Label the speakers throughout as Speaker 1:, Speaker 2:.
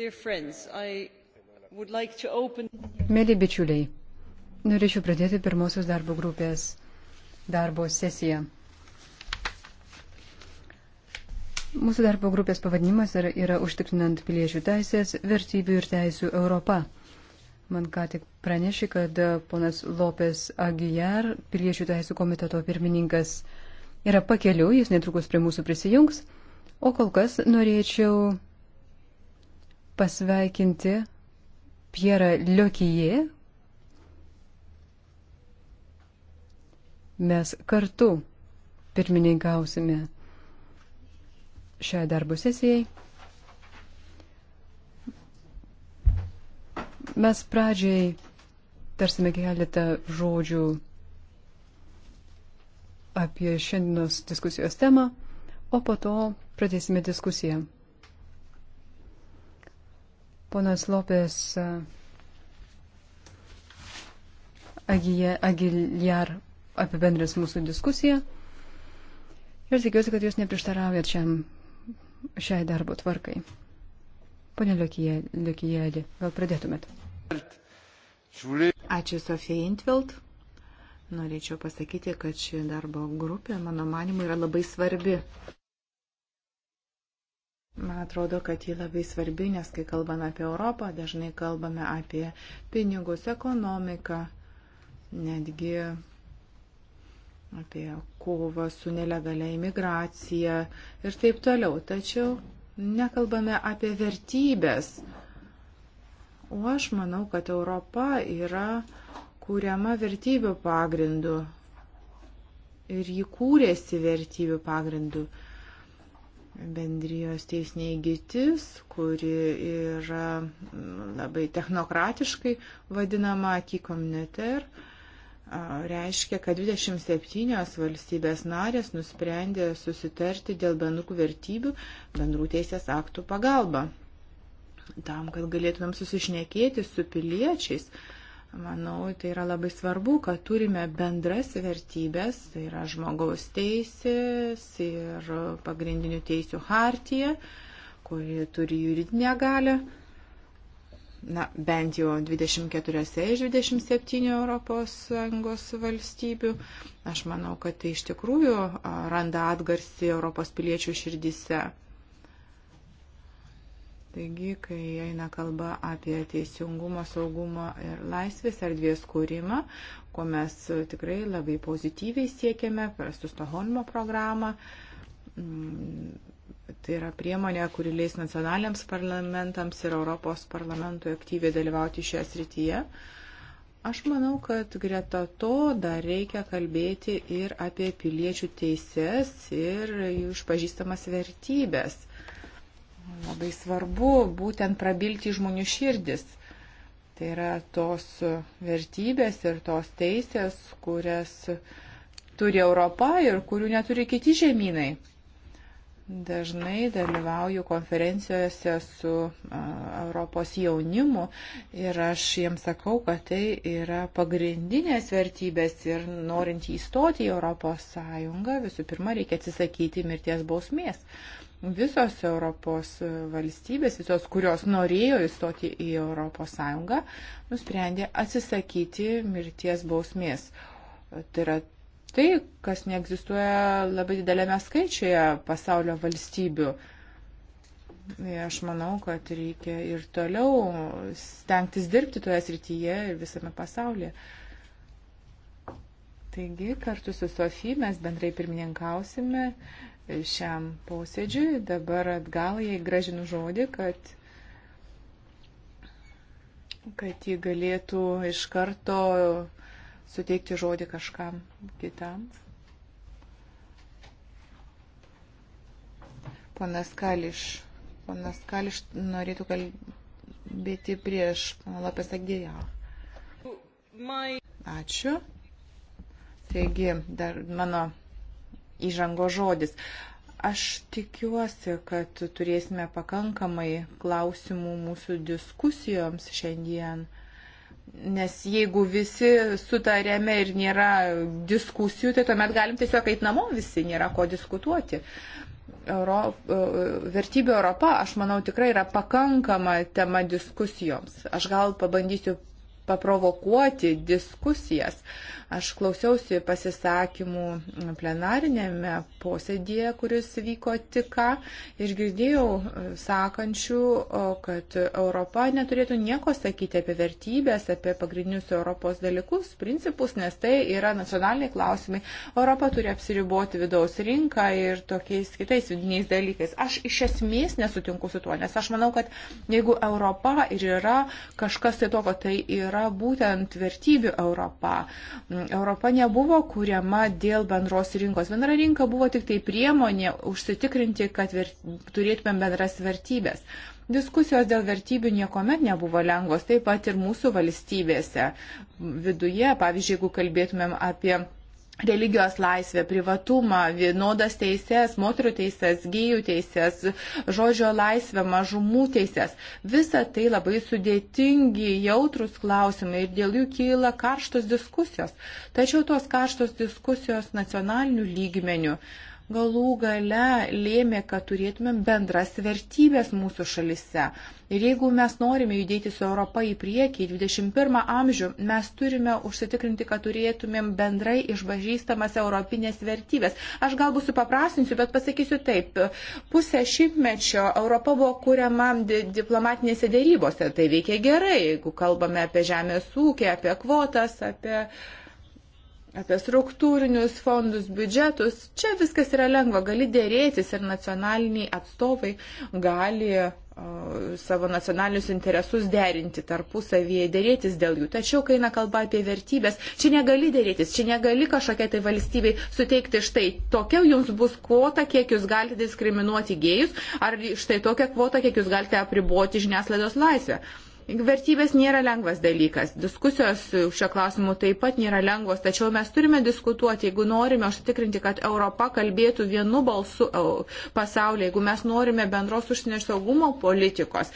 Speaker 1: Like open... Mėly bičiuliai, norėčiau pradėti pirmosios darbo grupės darbo sesiją. Mūsų darbo grupės pavadinimas yra, yra Užtikrinant piliečių teisės, vertybių ir teisų Europa. Man ką tik pranešė, kad ponas Lopes Agijar, piliečių teisų komiteto pirmininkas, yra pakeliu, jis netrukus prie mūsų prisijungs. O kol kas norėčiau pasveikinti Pierą Liokijį. Mes kartu pirmininkausime šią darbo sesijai. Mes pradžiai tarsime keletą žodžių apie šiandienos diskusijos temą, o po to pradėsime diskusiją. Ponas Lopės Agiljar apibendrės mūsų diskusiją. Ir tikiuosi, kad jūs neprieštaraujat šiam, šiai darbo tvarkai. Pone Liukijėlį, gal pradėtumėt?
Speaker 2: Ačiū Sofija Intveld. Norėčiau pasakyti, kad ši darbo grupė, mano manimu, yra labai svarbi. Man atrodo, kad ji labai svarbi, nes kai kalbame apie Europą, dažnai kalbame apie pinigus, ekonomiką, netgi apie kovą su nelegalia imigracija ir taip toliau. Tačiau nekalbame apie vertybės. O aš manau, kad Europa yra kūriama vertybių pagrindu ir jį kūrėsi vertybių pagrindu bendrijos teisinė įgytis, kuri yra labai technokratiškai vadinama akikomneter, reiškia, kad 27 valstybės narės nusprendė susitarti dėl bendrų vertybių, bendrų teisės aktų pagalba. Tam, kad galėtumėm susišnekėti su piliečiais, uh, Manau, tai yra labai svarbu, kad turime bendras vertybės, tai yra žmogaus teisės ir pagrindinių teisių hartija, kuri turi juridinę galę. Na, bent jau 24 iš 27 ES valstybių. Aš manau, kad tai iš tikrųjų randa atgarsį Europos piliečių širdise. Taigi, kai eina kalba apie teisingumo, saugumo ir laisvės erdvės kūrimą, ko mes tikrai labai pozityviai siekiame per Sustoholmo programą, mm, tai yra priemonė, kuri leis nacionaliniams parlamentams ir Europos parlamentui aktyviai dalyvauti šioje srityje. Aš manau, kad greta to dar reikia kalbėti ir apie piliečių teises ir jų išpažįstamas vertybės labai svarbu būtent prabilti žmonių širdis. Tai yra tos vertybės ir tos teisės, kurias turi Europa ir kurių neturi kiti žemynai. Dažnai dalyvauju konferencijose su Europos jaunimu ir aš jiems sakau, kad tai yra pagrindinės vertybės ir norint įstoti į Europos Sąjungą, visų pirma, reikia atsisakyti mirties bausmės visos Europos valstybės, visos, kurios norėjo įstoti į Europos Sąjungą, nusprendė atsisakyti mirties bausmės. Tai yra tai, kas neegzistuoja labai didelėme skaičiuje pasaulio valstybių. Tai aš manau, kad reikia ir toliau stengtis dirbti toje srityje ir visame pasaulyje. Taigi, kartu su Sofija mes bendrai pirmininkausime šiam posėdžiui. Dabar atgal jai gražinu žodį, kad, kad ji galėtų iš karto suteikti žodį kažkam kitam. Ponas Kališ. Ponas Kališ norėtų kalbėti prieš Lapės Agėją. Ačiū. Taigi, dar mano įžango žodis. Aš tikiuosi, kad turėsime pakankamai klausimų mūsų diskusijoms šiandien. Nes jeigu visi sutarėme ir nėra diskusijų, tai tuomet galim tiesiog eiti namo visi, nėra ko diskutuoti. Euro, e, vertybė Europa, aš manau, tikrai yra pakankama tema diskusijoms. Aš gal pabandysiu paprovokuoti diskusijas. Aš klausiausi pasisakymų plenarinėme posėdėje, kuris vyko tik ką, išgirdėjau e, sakančių, kad Europa neturėtų nieko sakyti apie vertybės, apie pagrindinius Europos dalykus, principus, nes tai yra nacionaliniai klausimai. Europa turi apsiriboti vidaus rinką ir tokiais kitais vidiniais dalykais. Aš iš esmės nesutinku su tuo, nes aš manau, kad jeigu Europa ir yra kažkas tai to, kad tai yra yra būtent vertybių Europa. Mm, Europa nebuvo kuriama dėl bendros rinkos. Bendra rinka buvo tik tai priemonė užsitikrinti, kad ver... turėtumėm bendras vertybės. Diskusijos dėl vertybių niekuomet nebuvo lengvos, taip pat ir mūsų valstybėse viduje, pavyzdžiui, jeigu kalbėtumėm apie religijos laisvę, privatumą, vienodas teises, moterų teises, gėjų teises, žodžio laisvę, mažumų teises. Visa tai labai sudėtingi, jautrus klausimai ir dėl jų kyla karštos diskusijos. Tačiau tos karštos diskusijos nacionalinių lygmenių uh, galų gale lėmė, kad turėtumėm bendras vertybės mūsų šalise. Ir jeigu mes norime judėti su Europa į priekį, į 21 amžių, mes turime užsitikrinti, kad turėtumėm bendrai išbažįstamas europinės vertybės. Aš galbūt supaprastinsiu, bet pasakysiu taip. Pusę šimtmečio Europa buvo kuriama diplomatinėse dėrybose. Tai veikia gerai, jeigu kalbame apie žemės ūkį, apie kvotas, apie uh, apie struktūrinius fondus, biudžetus. Čia viskas yra lengva, gali dėrėtis ir nacionaliniai atstovai gali uh, savo nacionalinius interesus derinti tarpusavyje, dėrėtis dėl jų. Tačiau, kai eina kalba apie vertybės, čia negali dėrėtis, čia negali kažkokia tai valstybei suteikti štai tokia jums bus kvota, kiek jūs galite diskriminuoti gėjus, ar štai tokia kvota, kiek jūs galite apriboti žiniaslaidos laisvę. Uh, Vertybės nėra lengvas dalykas. Diskusijos šio klausimu taip pat nėra lengvos, tačiau mes turime diskutuoti, jeigu norime užtikrinti, kad Europa kalbėtų vienu balsu e, pasaulyje, jeigu mes norime bendros užsienio saugumo politikos,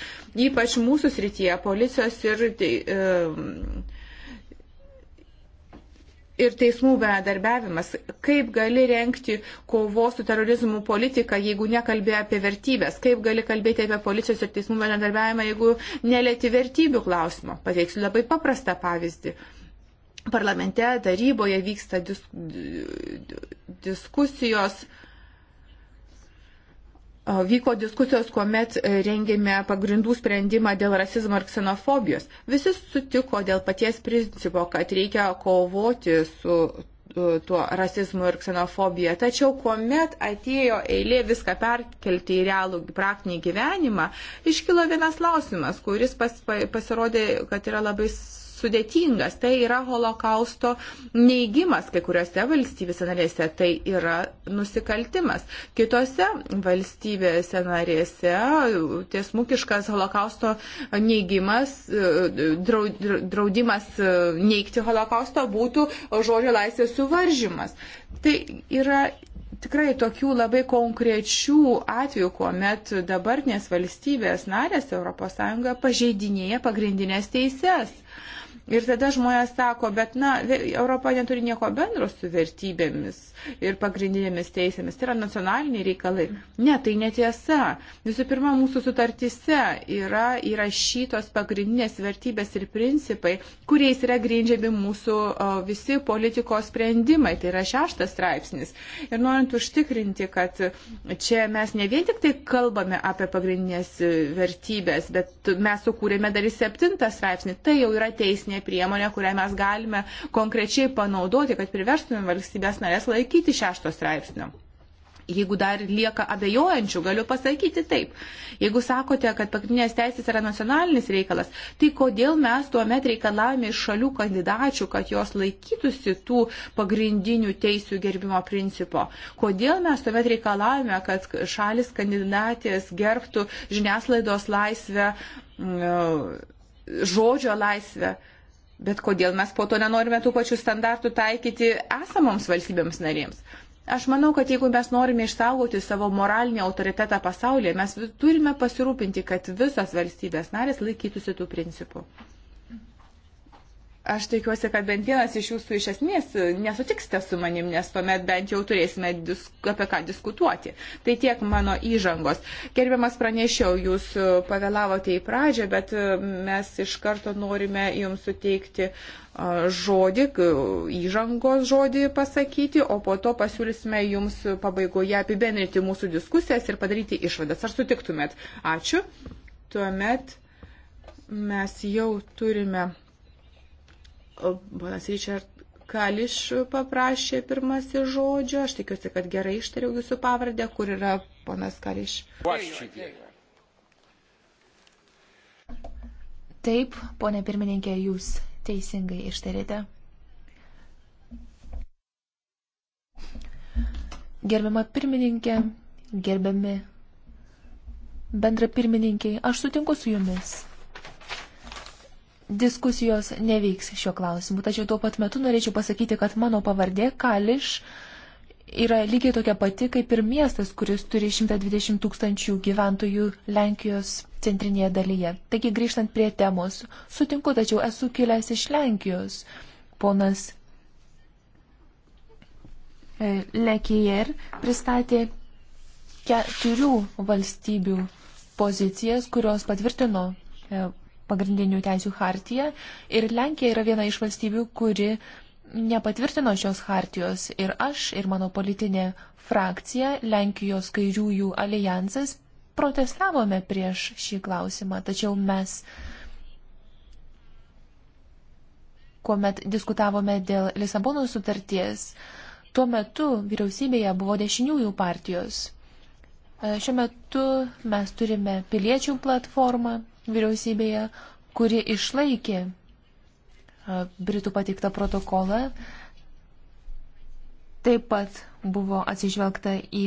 Speaker 2: ypač mūsų srityje, policijos ir. Tai, e, ir teismų bendarbiavimas, kaip gali renkti kovos su terorizmu politiką, jeigu nekalbė apie vertybės, kaip gali kalbėti apie policijos ir teismų bendarbiavimą, jeigu nelėti vertybių klausimo. Pateiksiu labai paprastą pavyzdį. Parlamente, taryboje vyksta dis, diskusijos. Dis, Vyko diskusijos, kuomet e, rengėme pagrindų sprendimą dėl rasizmo ir ksenofobijos. Visi sutiko dėl paties principo, kad reikia kovoti su e, tuo rasizmu ir ksenofobija. Tačiau, kuomet atėjo eilė viską perkelti į realų praktinį gyvenimą, iškilo vienas klausimas, kuris pas, pasirodė, kad yra labai sudėtingas. Tai yra holokausto neigimas kai kuriuose valstybėse narėse. Tai yra nusikaltimas. Kitose valstybėse narėse tiesmukiškas holokausto neigimas, draudimas neigti holokausto būtų žodžio laisvės suvaržymas. Tai yra tikrai tokių labai konkrečių atvejų, kuomet dabartinės valstybės narės ES pažeidinėja pagrindinės teises. Ir tada žmonės sako, bet na, Europa neturi nieko bendro su vertybėmis ir pagrindinėmis teisėmis, tai yra nacionaliniai reikalai. Ne, tai netiesa. Visų pirma, mūsų sutartise yra įrašytos pagrindinės vertybės ir principai, kuriais yra grindžiami mūsų visi politikos sprendimai. Tai yra šeštas straipsnis. Ir norint užtikrinti, kad čia mes ne vien tik tai kalbame apie pagrindinės vertybės, bet mes sukūrėme dar ir septintą straipsnį. Tai jau yra teisinė teisinė priemonė, kurią mes galime konkrečiai panaudoti, kad priverstumėm valstybės narės laikyti šešto straipsnio. Jeigu dar lieka abejojančių, galiu pasakyti taip. Jeigu sakote, kad pagrindinės teisės yra nacionalinis reikalas, tai kodėl mes tuomet reikalavome iš šalių kandidačių, kad jos laikytųsi tų pagrindinių teisų gerbimo principo? Kodėl mes tuomet reikalavome, kad šalis kandidatės gerbtų žiniaslaidos laisvę, mm, žodžio laisvę? Bet kodėl mes po to nenorime tų pačių standartų taikyti esamoms valstybėms narėms? Aš manau, kad jeigu mes norime išsaugoti savo moralinį autoritetą pasaulyje, mes turime pasirūpinti, kad visos valstybės narės laikytųsi tų principų. Aš tikiuosi, kad bent vienas iš jūsų iš esmės nesutiksite su manim, nes tuomet bent jau turėsime disk, apie ką diskutuoti. Tai tiek mano įžangos. Gerbiamas pranešiau, jūs e, pavėlavote į pradžią, bet e, mes iš karto norime jums suteikti e, žodį, įžangos žodį pasakyti, o po to pasiūlysime jums pabaigoje apibendrinti mūsų diskusijas ir padaryti išvadas. Ar sutiktumėt? Ačiū. Tuomet mes jau turime Ponas Richard Kališ paprašė pirmasi žodžio. Aš tikiuosi, kad gerai ištariau jūsų pavardę, kur yra ponas Kališ.
Speaker 3: Taip, ponė pirmininkė, jūs teisingai ištarėte. Gerbiama pirmininkė, gerbiami bendra pirmininkiai, aš sutinku su jumis diskusijos nevyks šiuo klausimu. Tačiau tuo pat metu norėčiau pasakyti, kad mano pavardė Kališ yra lygiai tokia pati kaip ir miestas, kuris turi 120 tūkstančių gyventojų Lenkijos centrinėje dalyje. Taigi grįžtant prie temos, sutinku, tačiau esu kilęs iš Lenkijos. Ponas e, Lekijer pristatė keturių valstybių pozicijas, kurios patvirtino e, pagrindinių teisių hartiją ir Lenkija yra viena iš valstybių, kuri nepatvirtino šios hartijos ir aš ir mano politinė frakcija Lenkijos kairiųjų alijansas protestavome prieš šį klausimą, tačiau mes, kuomet diskutavome dėl Lisabono sutarties, tuo metu vyriausybėje buvo dešiniųjų partijos. Šiuo metu mes turime piliečių platformą, vyriausybėje, kuri išlaikė Britų pateiktą protokolą. Taip pat buvo atsižvelgta į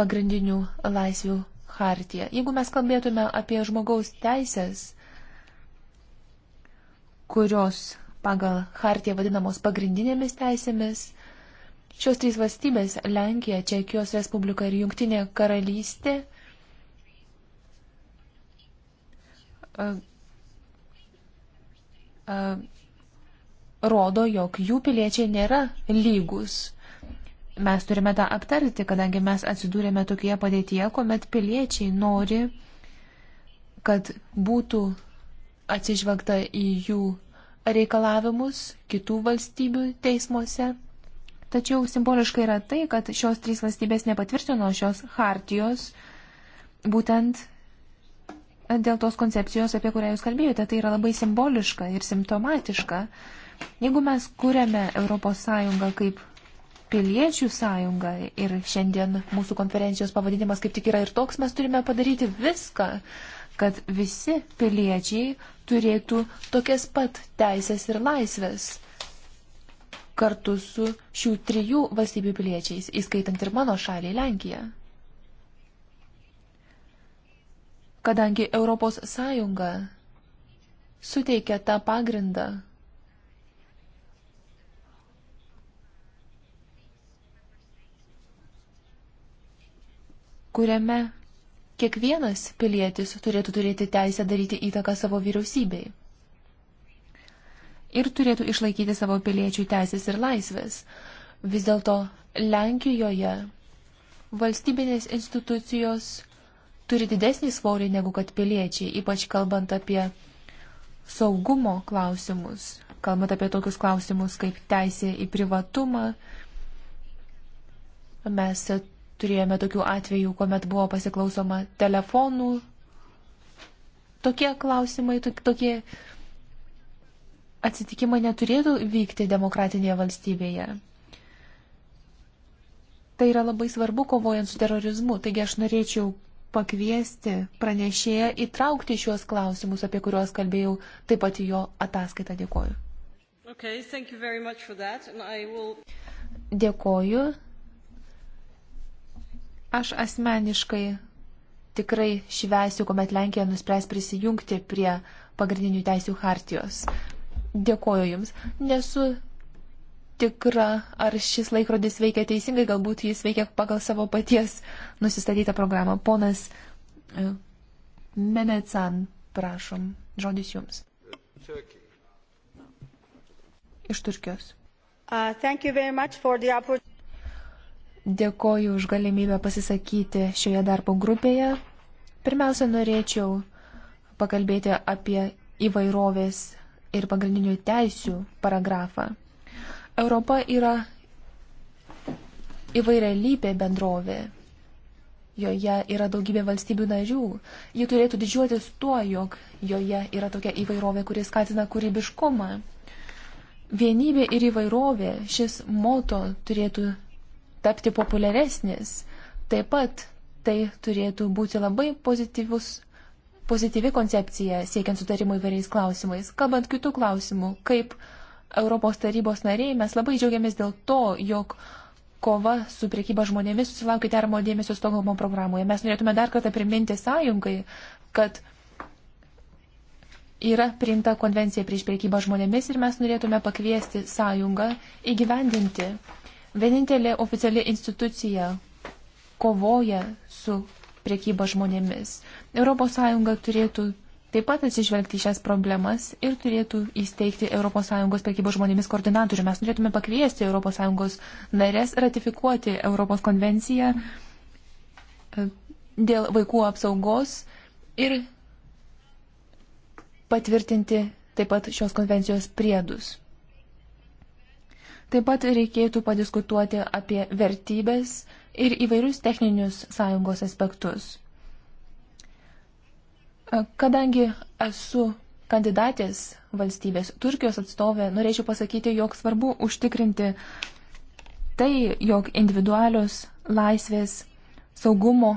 Speaker 3: pagrindinių laisvių hartiją. Jeigu mes kalbėtume apie žmogaus teisės, kurios pagal hartiją vadinamos pagrindinėmis teisėmis, šios trys valstybės - Lenkija, Čekijos Respublika ir Junktinė karalystė rodo, jog jų piliečiai nėra lygus. Mes turime tą aptarti, kadangi mes atsidūrėme tokioje padėtyje, kuomet piliečiai nori, kad būtų atsižvelgta į jų reikalavimus kitų valstybių teismuose. Tačiau simboliškai yra tai, kad šios trys valstybės nepatvirtino šios hartijos būtent dėl tos koncepcijos, apie kurią jūs kalbėjote, tai yra labai simboliška ir simptomatiška. Jeigu mes kūrėme ES kaip piliečių sąjungą ir šiandien mūsų konferencijos pavadinimas kaip tik yra ir toks, mes turime padaryti viską, kad visi piliečiai turėtų tokias pat teisės ir laisvės kartu su šių trijų valstybių piliečiais, įskaitant ir mano šalį Lenkiją. kadangi Europos Sąjunga suteikia tą pagrindą. kuriame kiekvienas pilietis turėtų turėti teisę daryti įtaką savo vyriausybei ir turėtų išlaikyti savo piliečių teisės ir laisvės. Vis dėlto Lenkijoje valstybinės institucijos turi didesnį svorį negu kad piliečiai, ypač kalbant apie saugumo klausimus, kalbant apie tokius klausimus kaip teisė į privatumą. Mes turėjome tokių atvejų, kuomet buvo pasiklausoma telefonų. Tokie klausimai, tokie atsitikimai neturėtų vykti demokratinėje valstybėje. Tai yra labai svarbu kovojant su terorizmu. Taigi aš norėčiau pakviesti pranešėją įtraukti šiuos klausimus, apie kuriuos kalbėjau, taip pat į jo ataskaitą. Dėkoju.
Speaker 1: Okay, will...
Speaker 3: Dėkoju. Aš asmeniškai tikrai švesiu, kuomet Lenkija nuspręs prisijungti prie pagrindinių teisių hartijos. Dėkoju Jums. Nesu tikra, ar šis laikrodis veikia teisingai, galbūt jis veikia pagal savo paties nusistatytą programą. Ponas e, Menecan, prašom, žodis jums. Turkey. Iš Turkijos. Uh, Dėkoju už galimybę pasisakyti šioje darbo grupėje. Pirmiausia, norėčiau pakalbėti apie įvairovės ir pagrindinių teisių paragrafą. Europa yra įvairialypė bendrovė. Joje yra daugybė valstybių narių. Ji turėtų didžiuotis tuo, jog joje yra tokia įvairovė, kuri skatina kūrybiškumą. Vienybė ir įvairovė šis moto turėtų tapti populiaresnis. Taip pat tai turėtų būti labai pozityvus pozityvi koncepcija siekiant sutarimo įvairiais klausimais, kalbant kitų klausimų, kaip Europos tarybos nariai, mes labai džiaugiamės dėl to, jog kova su priekyba žmonėmis susilaukė termo dėmesio Stokholmo programoje. Mes norėtume dar kartą priminti sąjungai, kad yra priimta konvencija prieš priekybą žmonėmis ir mes norėtume pakviesti sąjungą įgyvendinti. Vienintelė oficiali institucija kovoja su priekyba žmonėmis. ES turėtų taip pat atsižvelgti į šias problemas ir turėtų įsteigti ES prekybos žmonėmis koordinatorių. Mes norėtume pakviesti ES narės ratifikuoti Europos konvenciją e, dėl vaikų apsaugos ir patvirtinti taip pat šios konvencijos priedus. Taip pat reikėtų padiskutuoti apie vertybės ir įvairius techninius sąjungos aspektus. Kadangi esu kandidatės valstybės Turkijos atstovė, norėčiau pasakyti, jog svarbu užtikrinti tai, jog individualios laisvės, saugumo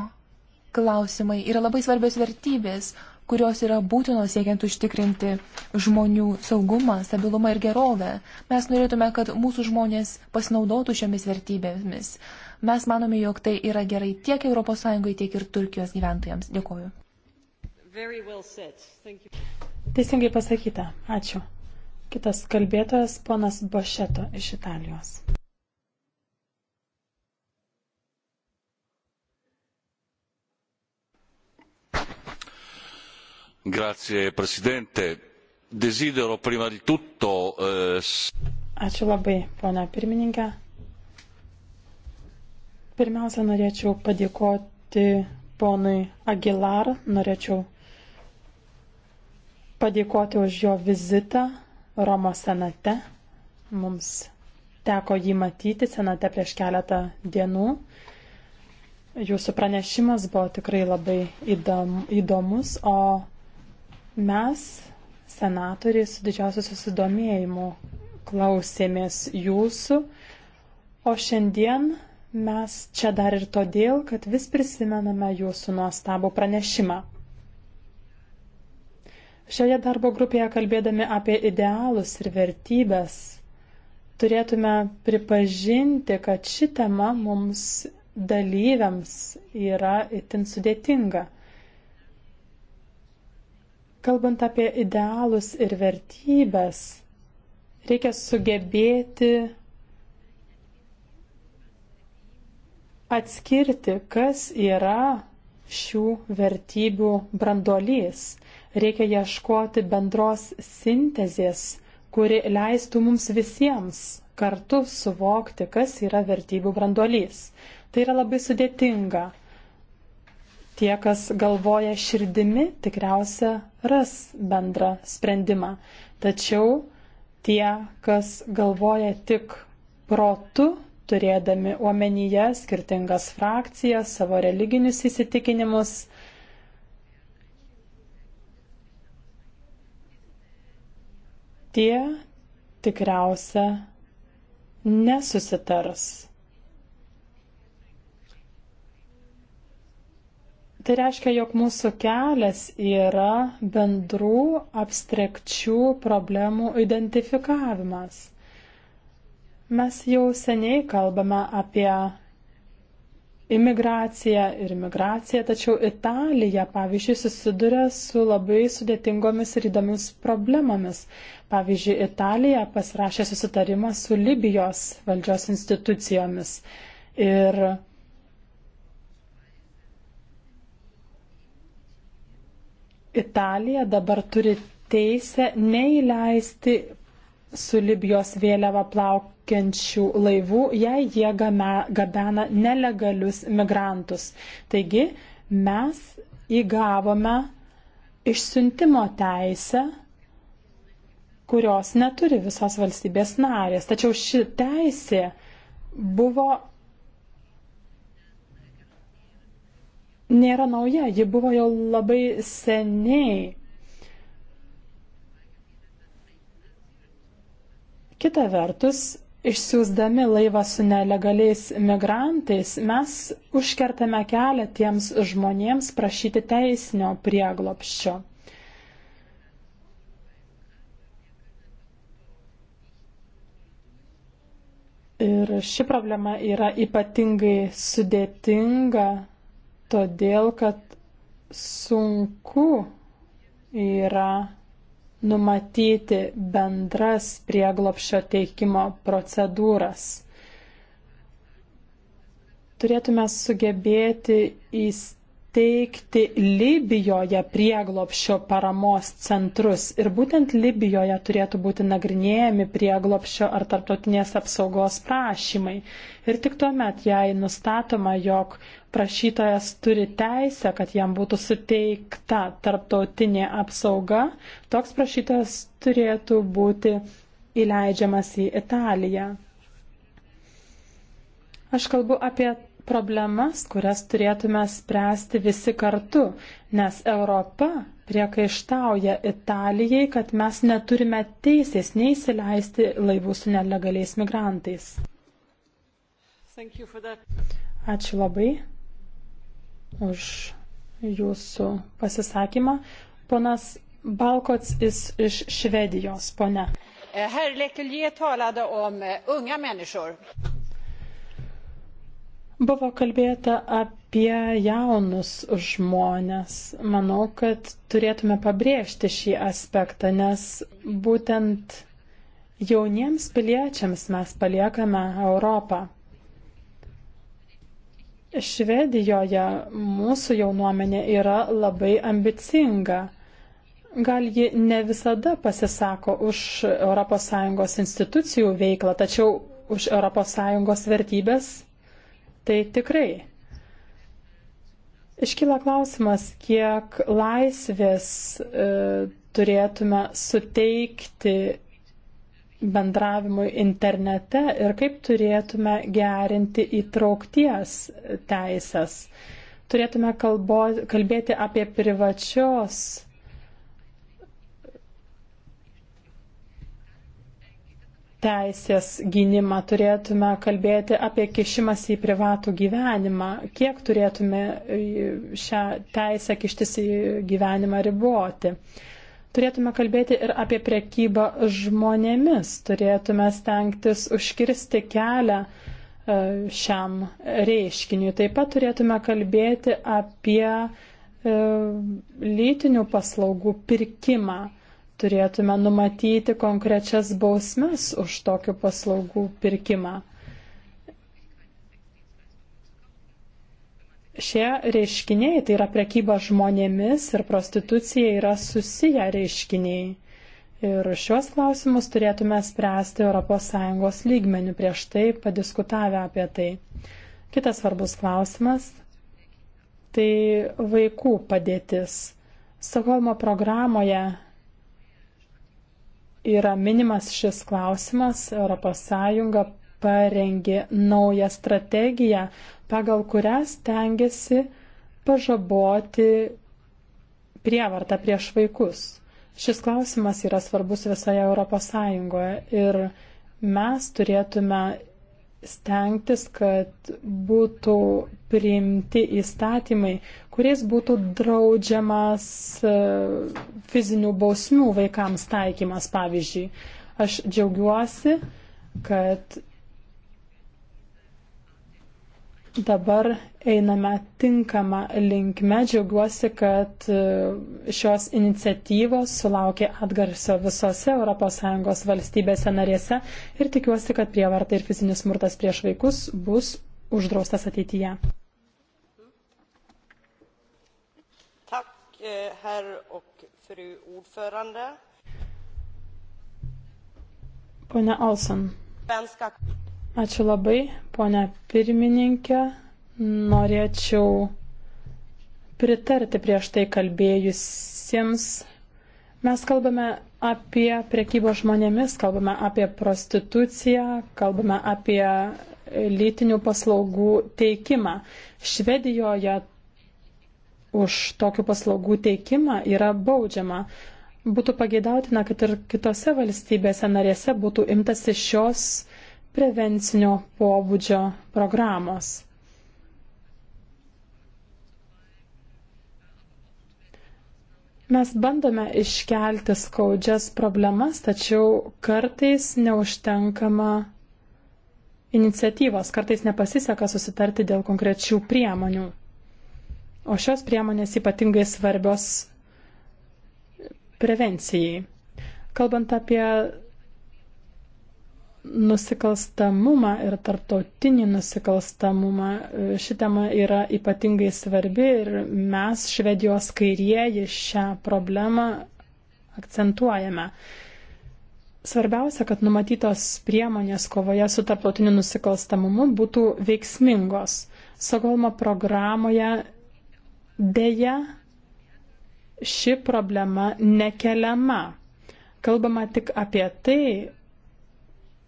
Speaker 3: klausimai yra labai svarbios vertybės, kurios yra būtinos siekiant užtikrinti žmonių saugumą, stabilumą ir gerovę. Mes norėtume, kad mūsų žmonės pasinaudotų šiomis vertybėmis. Mes manome, jog tai yra gerai tiek ES, tiek ir Turkijos gyventojams. Dėkuoju. Teisingai pasakyta. Ačiū.
Speaker 4: Kitas kalbėtojas ponas Bošeto iš Italijos.
Speaker 1: signor presidente desidero prima di tutto eh,
Speaker 4: ačiū labai pone pirmininke pirmiausia norėčiau padėkoti ponui aguilar norėčiau padėkoti už jo vizitą Romos senate. Mums teko jį matyti senate prieš keletą dienų. Jūsų pranešimas buvo tikrai labai įdomus, o mes, senatoriai, su didžiausiu susidomėjimu klausėmės jūsų, o šiandien mes čia dar ir todėl, kad vis prisimename jūsų nuostabų pranešimą. Šioje darbo grupėje kalbėdami apie idealus ir vertybės, turėtume pripažinti, kad ši tema mums dalyviams yra itin sudėtinga. Kalbant apie idealus ir vertybės, reikia sugebėti atskirti, kas yra šių vertybių brandolys – Reikia ieškoti bendros sintezės, kuri leistų mums visiems kartu suvokti, kas yra vertybių brandolys. Tai yra labai sudėtinga. Tie, kas galvoja širdimi, tikriausia ras bendrą sprendimą. Tačiau tie, kas galvoja tik protu, turėdami omenyje skirtingas frakcijas, savo religinius įsitikinimus, tie tikriausia nesusitars. Tai reiškia, jog mūsų kelias yra bendrų abstrakčių problemų identifikavimas. Mes jau seniai kalbame apie imigraciją ir migraciją, tačiau Italija, pavyzdžiui, susiduria su labai sudėtingomis ir įdomis problemomis. Pavyzdžiui, Italija pasirašė susitarimą su Libijos valdžios institucijomis ir Italija dabar turi teisę neįleisti su Libijos vėliava plaukti plaukiančių laivų, jei jie gabena nelegalius migrantus. Taigi mes įgavome išsiuntimo teisę kurios neturi visos valstybės narės. Tačiau ši teisė buvo nėra nauja, ji buvo jau labai seniai. Kita vertus, Išsiųsdami laivą su nelegaliais migrantais, mes užkertame kelią tiems žmonėms prašyti teisinio prieglopščio. Ir ši problema yra ypatingai sudėtinga, todėl kad sunku yra numatyti bendras prieglopšio teikimo procedūras. Turėtume sugebėti įsteigti steigti Libijoje prieglopšio paramos centrus ir būtent Libijoje turėtų būti nagrinėjami prieglopšio ar tarptautinės apsaugos prašymai. Ir tik tuomet, jei nustatoma, jog prašytojas turi teisę, kad jam būtų suteikta tarptautinė apsauga, toks prašytojas turėtų būti įleidžiamas į Italiją. Aš kalbu apie problemas, kurias turėtume spręsti visi kartu, nes Europa priekaištauja Italijai, kad mes neturime teisės neįsileisti laivų su nelegaliais migrantais. Ačiū labai už jūsų pasisakymą. Ponas Balkots iš Švedijos, pone.
Speaker 2: Herr Lekelje talade om eh, unga människor.
Speaker 4: Buvo kalbėta apie jaunus žmonės. Manau, kad turėtume pabrėžti šį aspektą, nes būtent jauniems piliečiams mes paliekame Europą. Švedijoje mūsų jaunuomenė yra labai ambicinga. Gal ji ne visada pasisako už ES institucijų veiklą, tačiau už ES vertybės tai tikrai iškyla klausimas, kiek laisvės e, turėtume suteikti bendravimui internete ir kaip turėtume gerinti įtraukties teisės. Turėtume kalbo, kalbėti apie privačios teisės gynimą, turėtume kalbėti apie kišimas į privatų gyvenimą, kiek turėtume e, šią teisę kištis į gyvenimą riboti. Turėtume kalbėti ir apie priekybą žmonėmis, turėtume stengtis užkirsti kelią e, šiam reiškiniui. Taip pat turėtume kalbėti apie e, lytinių paslaugų pirkimą turėtume numatyti konkrečias bausmes už tokių paslaugų pirkimą. Šie reiškiniai, tai yra prekyba žmonėmis ir prostitucija yra susiję reiškiniai. Ir šios klausimus turėtume spręsti ES lygmenių prieš tai padiskutavę apie tai. Kitas svarbus klausimas - tai vaikų padėtis. Stokholmo programoje yra minimas šis klausimas, ES parengė naują strategiją, pagal kurią stengiasi pažaboti prievartą prieš vaikus. Šis klausimas yra svarbus visoje ES ir mes turėtume stengtis, kad būtų priimti įstatymai, kuriais būtų draudžiamas e, fizinių bausmių vaikams taikymas, pavyzdžiui. Aš džiaugiuosi, kad dabar einame tinkamą linkmę. Džiaugiuosi, kad e, šios iniciatyvos sulaukė atgarsio visose ES valstybėse narėse ir tikiuosi, kad prievarta ir fizinis smurtas prieš vaikus bus uždraustas ateityje. Eh, herr och fru ordförande. Pone Olsen. Ačiū labai, ponia pirmininkė. Norėčiau pritarti prieš tai kalbėjusiems. Mes kalbame apie priekybą žmonėmis, kalbame apie prostituciją, kalbame apie lytinių paslaugų teikimą. Švedijoje už tokių paslaugų teikimą yra baudžiama. Būtų pageidautina, kad ir kitose valstybėse narėse būtų imtasi šios prevencinio pobūdžio programos. Mes bandome iškelti skaudžias problemas, tačiau kartais neužtenkama iniciatyvos, kartais nepasiseka susitarti dėl konkrečių priemonių. O šios priemonės ypatingai svarbios prevencijai. Kalbant apie nusikalstamumą ir tarptautinį nusikalstamumą, ši tema yra ypatingai svarbi ir mes švedijos kairieji šią problemą akcentuojame. Svarbiausia, kad numatytos priemonės kovoje su tarptautiniu nusikalstamumu būtų veiksmingos. Stokholmo programoje Deja, ši problema nekeliama. Kalbama tik apie tai,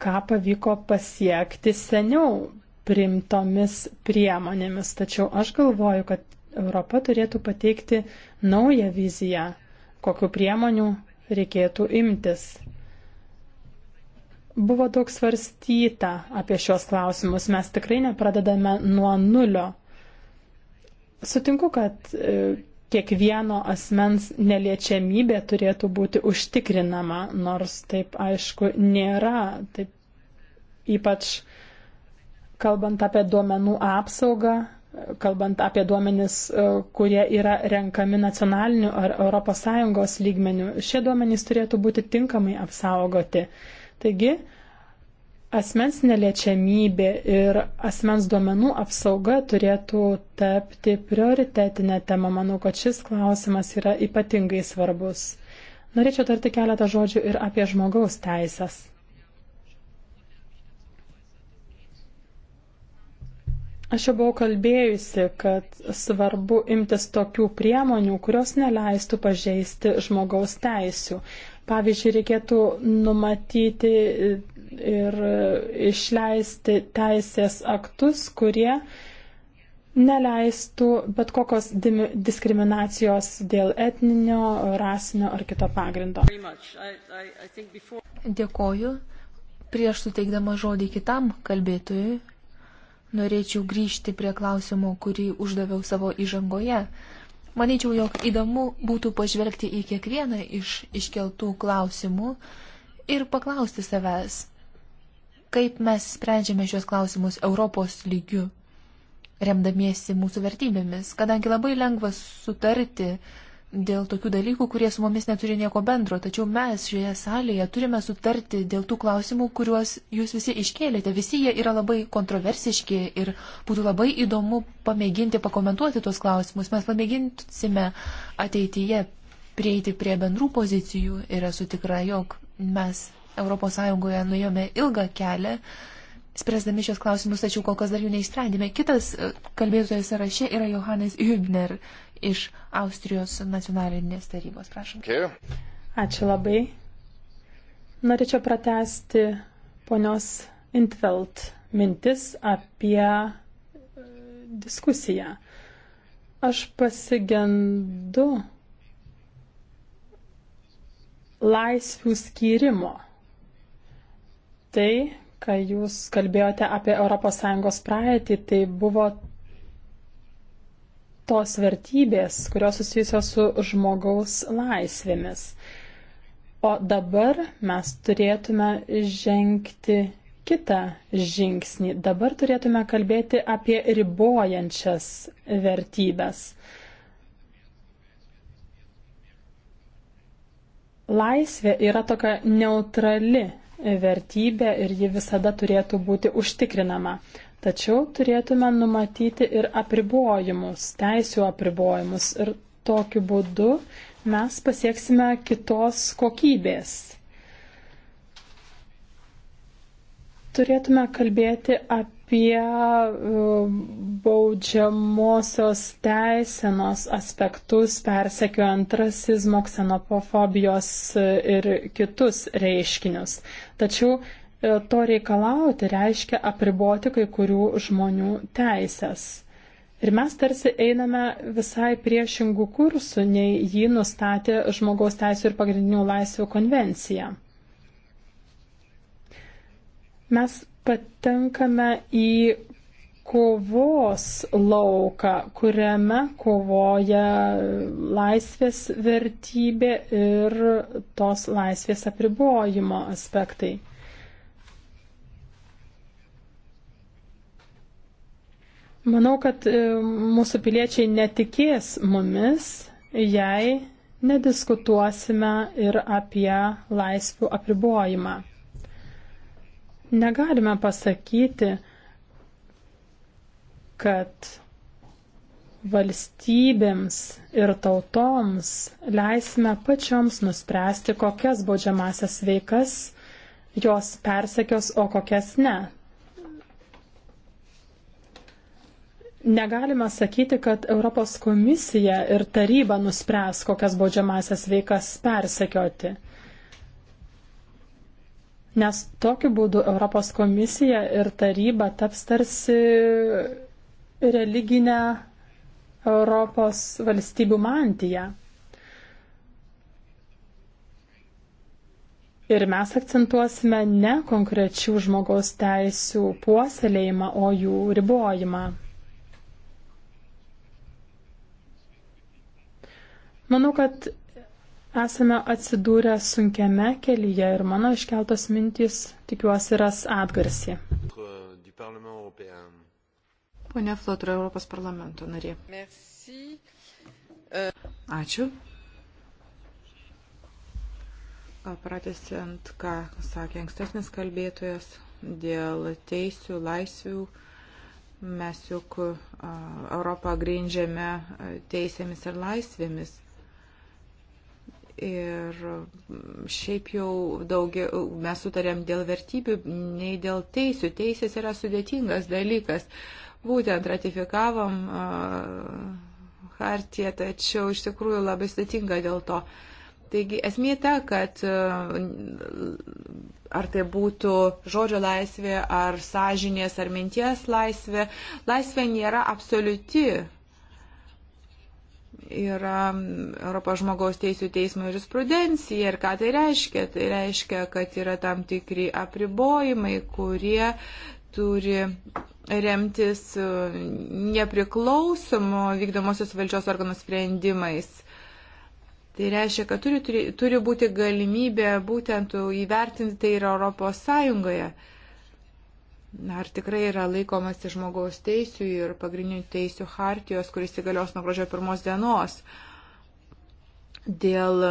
Speaker 4: ką pavyko pasiekti seniau primtomis priemonėmis. Tačiau aš galvoju, kad Europa turėtų pateikti naują viziją, kokiu priemonių reikėtų imtis. Buvo daug svarstyta apie šios klausimus. Mes tikrai nepradedame nuo nulio. Sutinku, kad e, kiekvieno asmens neliečiamybė turėtų būti užtikrinama, nors taip aišku nėra, taip ypač kalbant apie duomenų apsaugą, kalbant apie duomenis, e, kurie yra renkami nacionaliniu ar ES lygmeniu, šie duomenys turėtų būti tinkamai apsaugoti. Taigi, asmens neliečiamybė ir asmens duomenų apsauga turėtų tapti prioritetinę temą. Manau, kad šis klausimas yra ypatingai svarbus. Norėčiau tarti keletą žodžių ir apie žmogaus teisės. Aš jau buvau kalbėjusi, kad svarbu imtis tokių priemonių, kurios neleistų pažeisti žmogaus teisių. Pavyzdžiui, reikėtų numatyti ir e, išleisti teisės aktus, kurie neleistų bet kokios diskriminacijos
Speaker 3: dėl etninio, rasinio ar kito pagrindo. Dėkoju. Prieš suteikdama žodį kitam kalbėtojui, norėčiau grįžti prie klausimo, kurį uždaviau savo įžangoje. Manyčiau, jog įdomu būtų pažvelgti į kiekvieną iš iškeltų klausimų ir paklausti savęs, kaip mes sprendžiame šios klausimus Europos lygiu, remdamiesi mūsų vertybėmis, kadangi labai lengva sutarti dėl tokių dalykų, kurie su mumis neturi nieko bendro, tačiau mes šioje salėje turime sutarti dėl tų klausimų, kuriuos jūs visi iškėlėte. Visi jie yra labai kontroversiški ir būtų labai įdomu pamėginti pakomentuoti tuos klausimus. Mes pamėginsime ateityje prieiti prie bendrų pozicijų ir esu tikra, jog mes ES nuėjome ilgą kelią, spręsdami šios klausimus, tačiau kol kas dar jų neįsprendėme. Kitas e, kalbėtojas sąraše yra Johannes Hübner iš Austrijos nacionalinės tarybos. Prašom. Okay. Ačiū labai. Norėčiau
Speaker 4: pratesti ponios Intvelt mintis apie e, diskusiją. Aš pasigendu laisvių skyrimo Tai, kai jūs kalbėjote apie ES praeitį, tai buvo tos vertybės, kurios susijusios su žmogaus laisvėmis. O dabar mes turėtume žengti kitą žingsnį. Dabar turėtume kalbėti apie ribojančias vertybės. Laisvė yra tokia neutrali vertybė ir ji visada turėtų būti užtikrinama. Tačiau turėtume numatyti ir apribojimus, teisių apribojimus ir tokiu būdu mes pasieksime kitos kokybės. Turėtume kalbėti apie apie e, baudžiamosios teisenos aspektus persekiojant rasizmo, ksenofobijos e, ir kitus reiškinius. Tačiau e, to reikalauti reiškia apriboti kai kurių žmonių teisės. Ir mes tarsi einame visai priešingų kursų, nei jį nustatė žmogaus teisų ir pagrindinių laisvių konvencija. Mes patenkame į kovos lauką, kuriame kovoja laisvės vertybė ir tos laisvės apribojimo aspektai. Manau, kad e, mūsų piliečiai netikės mumis, jei nediskutuosime ir apie laisvių apribojimą. Negalime pasakyti, kad valstybėms ir tautoms leisime pačioms nuspręsti, kokias baudžiamasias veikas jos persekios, o kokias ne. Negalime sakyti, kad Europos komisija ir taryba nuspręs, kokias baudžiamasias veikas persekioti. Nes tokiu būdu Europos komisija ir taryba taps tarsi religinę Europos valstybių mantiją. Ir mes akcentuosime ne konkrečių žmogaus teisių puoselėjimą, o jų ribojimą. Manau, kad Esame atsidūrę sunkiame kelyje ir mano iškeltos mintys, tikiuosi, ras atgarsį. Pone Flotra, Europos parlamento narė.
Speaker 2: Ačiū. Gal pratesiant, ką sakė ankstesnis kalbėtojas dėl teisių, laisvių mes juk Europą grindžiame teisėmis ir laisvėmis. Ir mm, šiaip jau daugiau mes sutarėm dėl vertybių, nei dėl teisių. Teisės yra sudėtingas dalykas. Būtent ratifikavom uh, hartiją, tačiau iš tikrųjų labai sudėtinga dėl to. Taigi esmė ta, kad uh, ar tai būtų žodžio laisvė, ar sąžinės, ar minties laisvė, laisvė nėra absoliuti yra Europos žmogaus teisų teismo jurisprudencija ir ką tai reiškia. Tai reiškia, kad yra tam tikri apribojimai, kurie turi remtis e, nepriklausomo vykdomosios valdžios organų sprendimais. Tai reiškia, kad turi, turi, turi būti galimybė būtent įvertinti tai ir Europos Sąjungoje. Uh, ar tikrai yra laikomasi žmogaus teisų ir pagrindinių teisų hartijos, kuris įgalios nuo gruodžio pirmos dienos. Dėl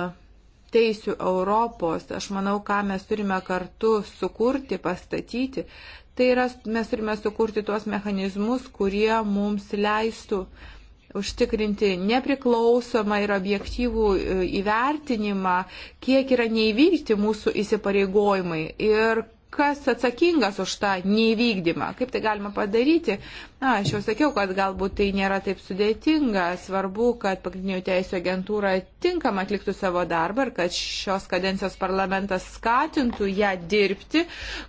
Speaker 2: teisų Europos, aš manau, ką mes turime kartu sukurti, pastatyti, tai yra, mes turime sukurti tuos mechanizmus, kurie mums leistų užtikrinti nepriklausomą ir objektyvų e, įvertinimą, kiek yra neįvykti mūsų įsipareigojimai ir kas atsakingas už tą neįvykdymą, kaip tai galima padaryti. Na, aš jau sakiau, kad galbūt tai nėra taip sudėtinga, svarbu, kad pagrindinių teisų agentūra tinkamai atliktų savo darbą ir kad šios kadencijos parlamentas skatintų ją dirbti,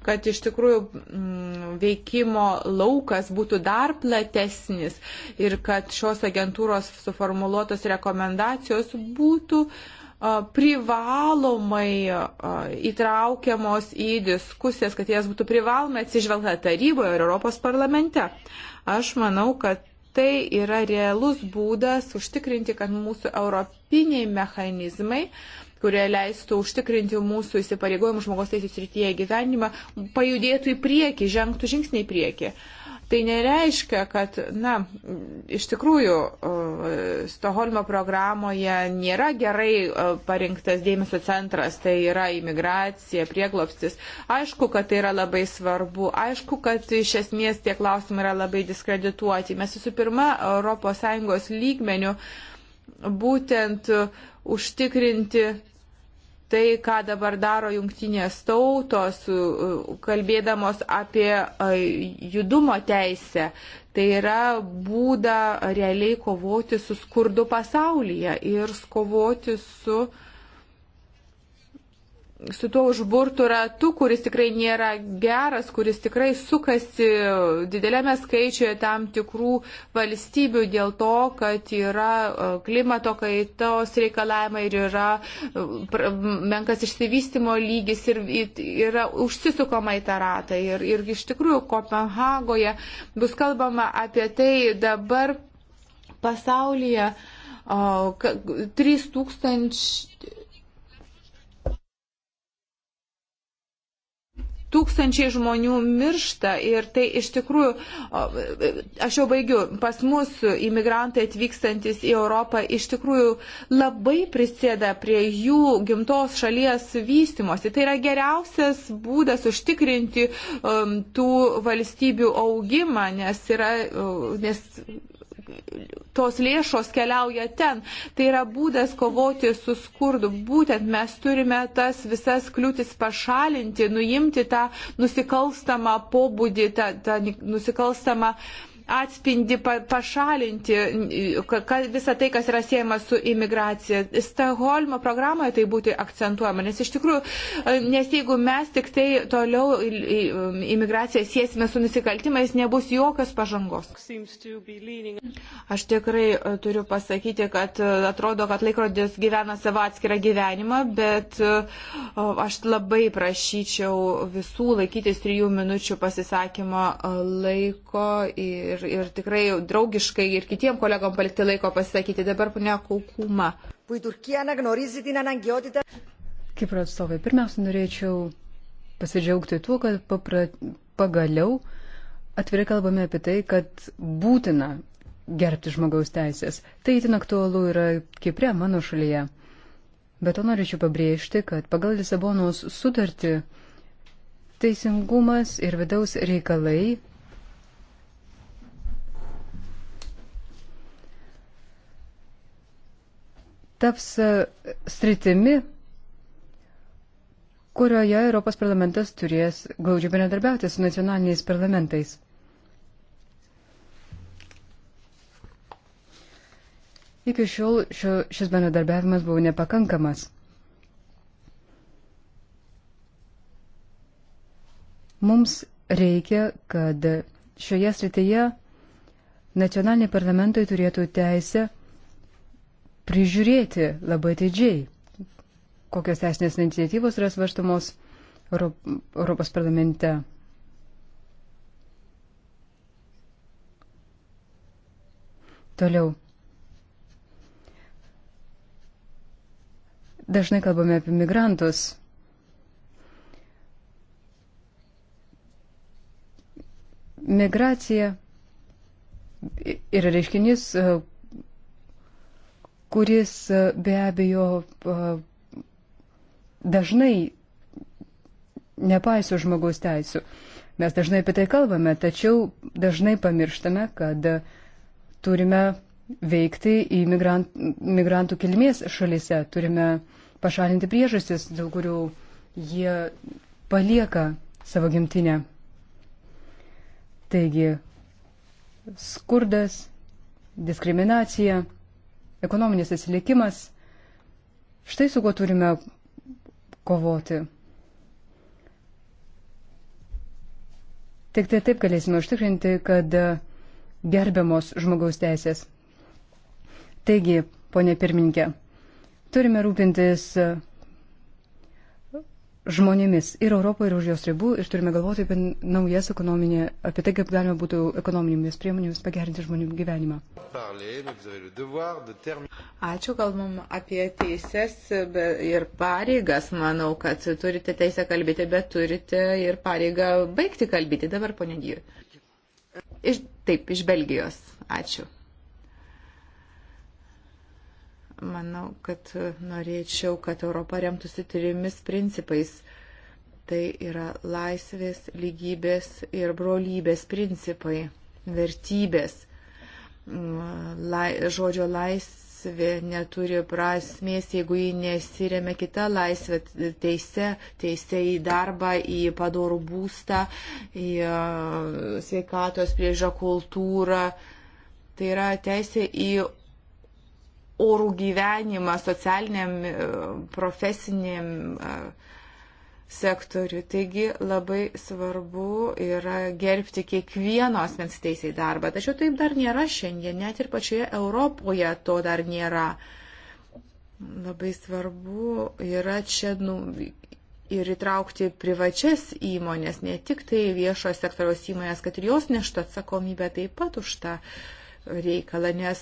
Speaker 2: kad iš tikrųjų m, mm, veikimo laukas būtų dar platesnis ir kad šios agentūros suformuoluotos rekomendacijos būtų uh, privalomai įtraukiamos į diskusijas, kad jas būtų privalomai atsižvelgta taryboje ir Europos parlamente. Aš manau, kad tai yra realus būdas užtikrinti, kad mūsų europiniai mechanizmai kurie leistų užtikrinti mūsų įsipareigojimų žmogaus teisės rytyje gyvenimą, pajudėtų į priekį, žengtų žingsnį į priekį. Uh, Tai nereiškia, kad, na, iš tikrųjų, Stoholmo programoje nėra gerai parinktas dėmesio centras, tai yra imigracija, prieglopstis. Aišku, kad tai yra labai svarbu, aišku, kad iš esmės tie klausimai yra labai diskredituoti. Mes visų pirma, ES lygmenių būtent užtikrinti tai, ką dabar daro jungtinės tautos, kalbėdamos apie judumo teisę. Tai yra būda realiai kovoti su skurdu pasaulyje ir kovoti su uh, su tuo užburtų ratu, kuris tikrai nėra geras, kuris tikrai sukasi didelėme skaičiuje tam tikrų valstybių dėl to, kad yra e, klimato kaitos reikalavimai ir yra e, menkas išsivystimo lygis ir yra užsisukama į tą ratą. Ir, ir iš tikrųjų Kopenhagoje bus kalbama apie tai dabar pasaulyje. O, ka, 3000 tūkstančiai žmonių miršta ir tai iš tikrųjų, aš jau baigiu, pas mus imigrantai atvykstantis į Europą iš tikrųjų labai prisėda prie jų gimtos šalies vystimosi. Tai yra geriausias būdas užtikrinti um, tų valstybių augimą, nes, yra, uh, nes tos lėšos keliauja ten. Tai yra būdas kovoti su skurdu. Būtent mes turime tas visas kliūtis pašalinti, nuimti tą nusikalstamą pobūdį, tą, tą nusikalstamą uh, atspindį pa, pašalinti ka, ka, visą tai, kas yra siejama su imigracija. Stokholmo programoje tai būti akcentuojama, nes iš tikrųjų, nes jeigu mes tik tai toliau imigraciją siesime su nusikaltimais, nebus jokios pažangos. Aš tikrai e, turiu pasakyti, kad e, atrodo, kad laikrodis gyvena savo atskirą gyvenimą, bet e, aš labai prašyčiau visų laikytis trijų minučių pasisakymo laiko. Ir ir, ir tikrai draugiškai ir kitiem kolegom palikti laiko pasisakyti. Dabar ponia Kaukuma. Kipro atstovai, pirmiausia,
Speaker 1: norėčiau pasidžiaugti tuo, kad papra, pagaliau atvirai kalbame apie tai, kad būtina gerbti žmogaus teisės. Tai itin aktualu yra Kipre, mano šalyje. Bet to norėčiau pabrėžti, kad pagal Lisabonos sutartį teisingumas ir vidaus reikalai taps e, stritimi, kurioje Europos parlamentas turės glaudžiai bendradarbiauti su nacionaliniais parlamentais. Iki šiol šio, šis bendradarbiavimas buvo nepakankamas. Mums reikia, kad šioje srityje nacionaliniai parlamentai turėtų teisę prižiūrėti labai didžiai, kokios teisinės iniciatyvos yra svarstamos Europos parlamente. Toliau. Dažnai kalbame apie migrantus. Migracija yra reiškinys, kuris e, be abejo e, dažnai nepaiso žmogaus teisų. Mes dažnai apie tai kalbame, tačiau dažnai pamirštame, kad turime veikti į migrant, migrantų kilmės šalise, turime pašalinti priežastis, dėl kurių jie palieka savo gimtinę. Taigi, skurdas, diskriminacija, ekonominis atsilikimas. Štai su kuo turime kovoti. Tik tai taip galėsime užtikrinti, kad gerbiamos žmogaus teisės. Taigi, ponė pirmininkė, turime rūpintis žmonėmis ir Europoje, ir už jos ribų ir turime galvoti apie naujas ekonominė, apie tai, kaip galima būtų ekonominėmis priemonėmis
Speaker 2: pagerinti žmonių gyvenimą. Ačiū, kalbam apie teises ir pareigas. Manau, kad turite teisę kalbėti, bet turite ir pareigą baigti kalbėti dabar, ponė Gyvi. Iš, taip, iš Belgijos. Ačiū. Manau, kad norėčiau, kad Europa remtųsi trimis principais. Tai yra laisvės, lygybės ir brolybės principai, vertybės. Lai, žodžio laisvė neturi prasmės, jeigu ji nesiremia kita laisvė teise, teise į darbą, į padorų būstą, į e, sveikatos priežą kultūrą. Tai yra teisė į orų gyvenimą socialiniam, e, profesiniam e, sektoriu. Taigi labai svarbu yra gerbti kiekvieno asmens teisę į darbą. Tačiau taip dar nėra šiandien, net ir pačioje Europoje to dar nėra. Labai svarbu yra čia nu, ir įtraukti privačias įmonės, ne tik tai viešojo sektoriaus įmonės, kad ir jos neštų atsakomybę taip pat už tą reikalą, nes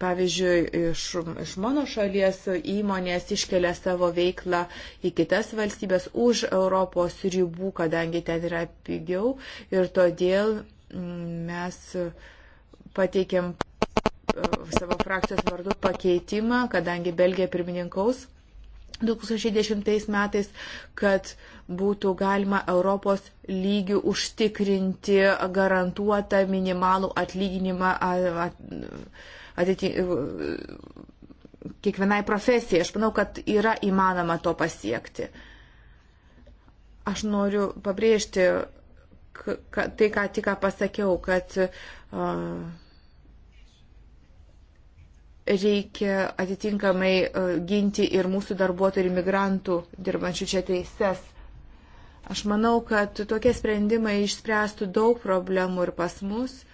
Speaker 2: Pavyzdžiui, iš, iš mano šalies įmonės iškelia savo veiklą į kitas valstybės už Europos ribų, kadangi ten yra pigiau ir todėl mm, mes pateikėm e, savo frakcijos vardu pakeitimą, kadangi Belgija pirmininkaus 2010 metais, kad būtų galima Europos lygių užtikrinti garantuotą minimalų atlyginimą. At, at, atiti, kiekvienai profesijai. Aš manau, kad yra įmanoma to pasiekti. Aš noriu pabrėžti kad, tai, ką tik pasakiau, kad uh, reikia atitinkamai uh, ginti ir mūsų darbuotojų, ir migrantų dirbančių čia teises. Aš manau, kad tokie sprendimai išspręstų daug problemų ir pas mus. Uh,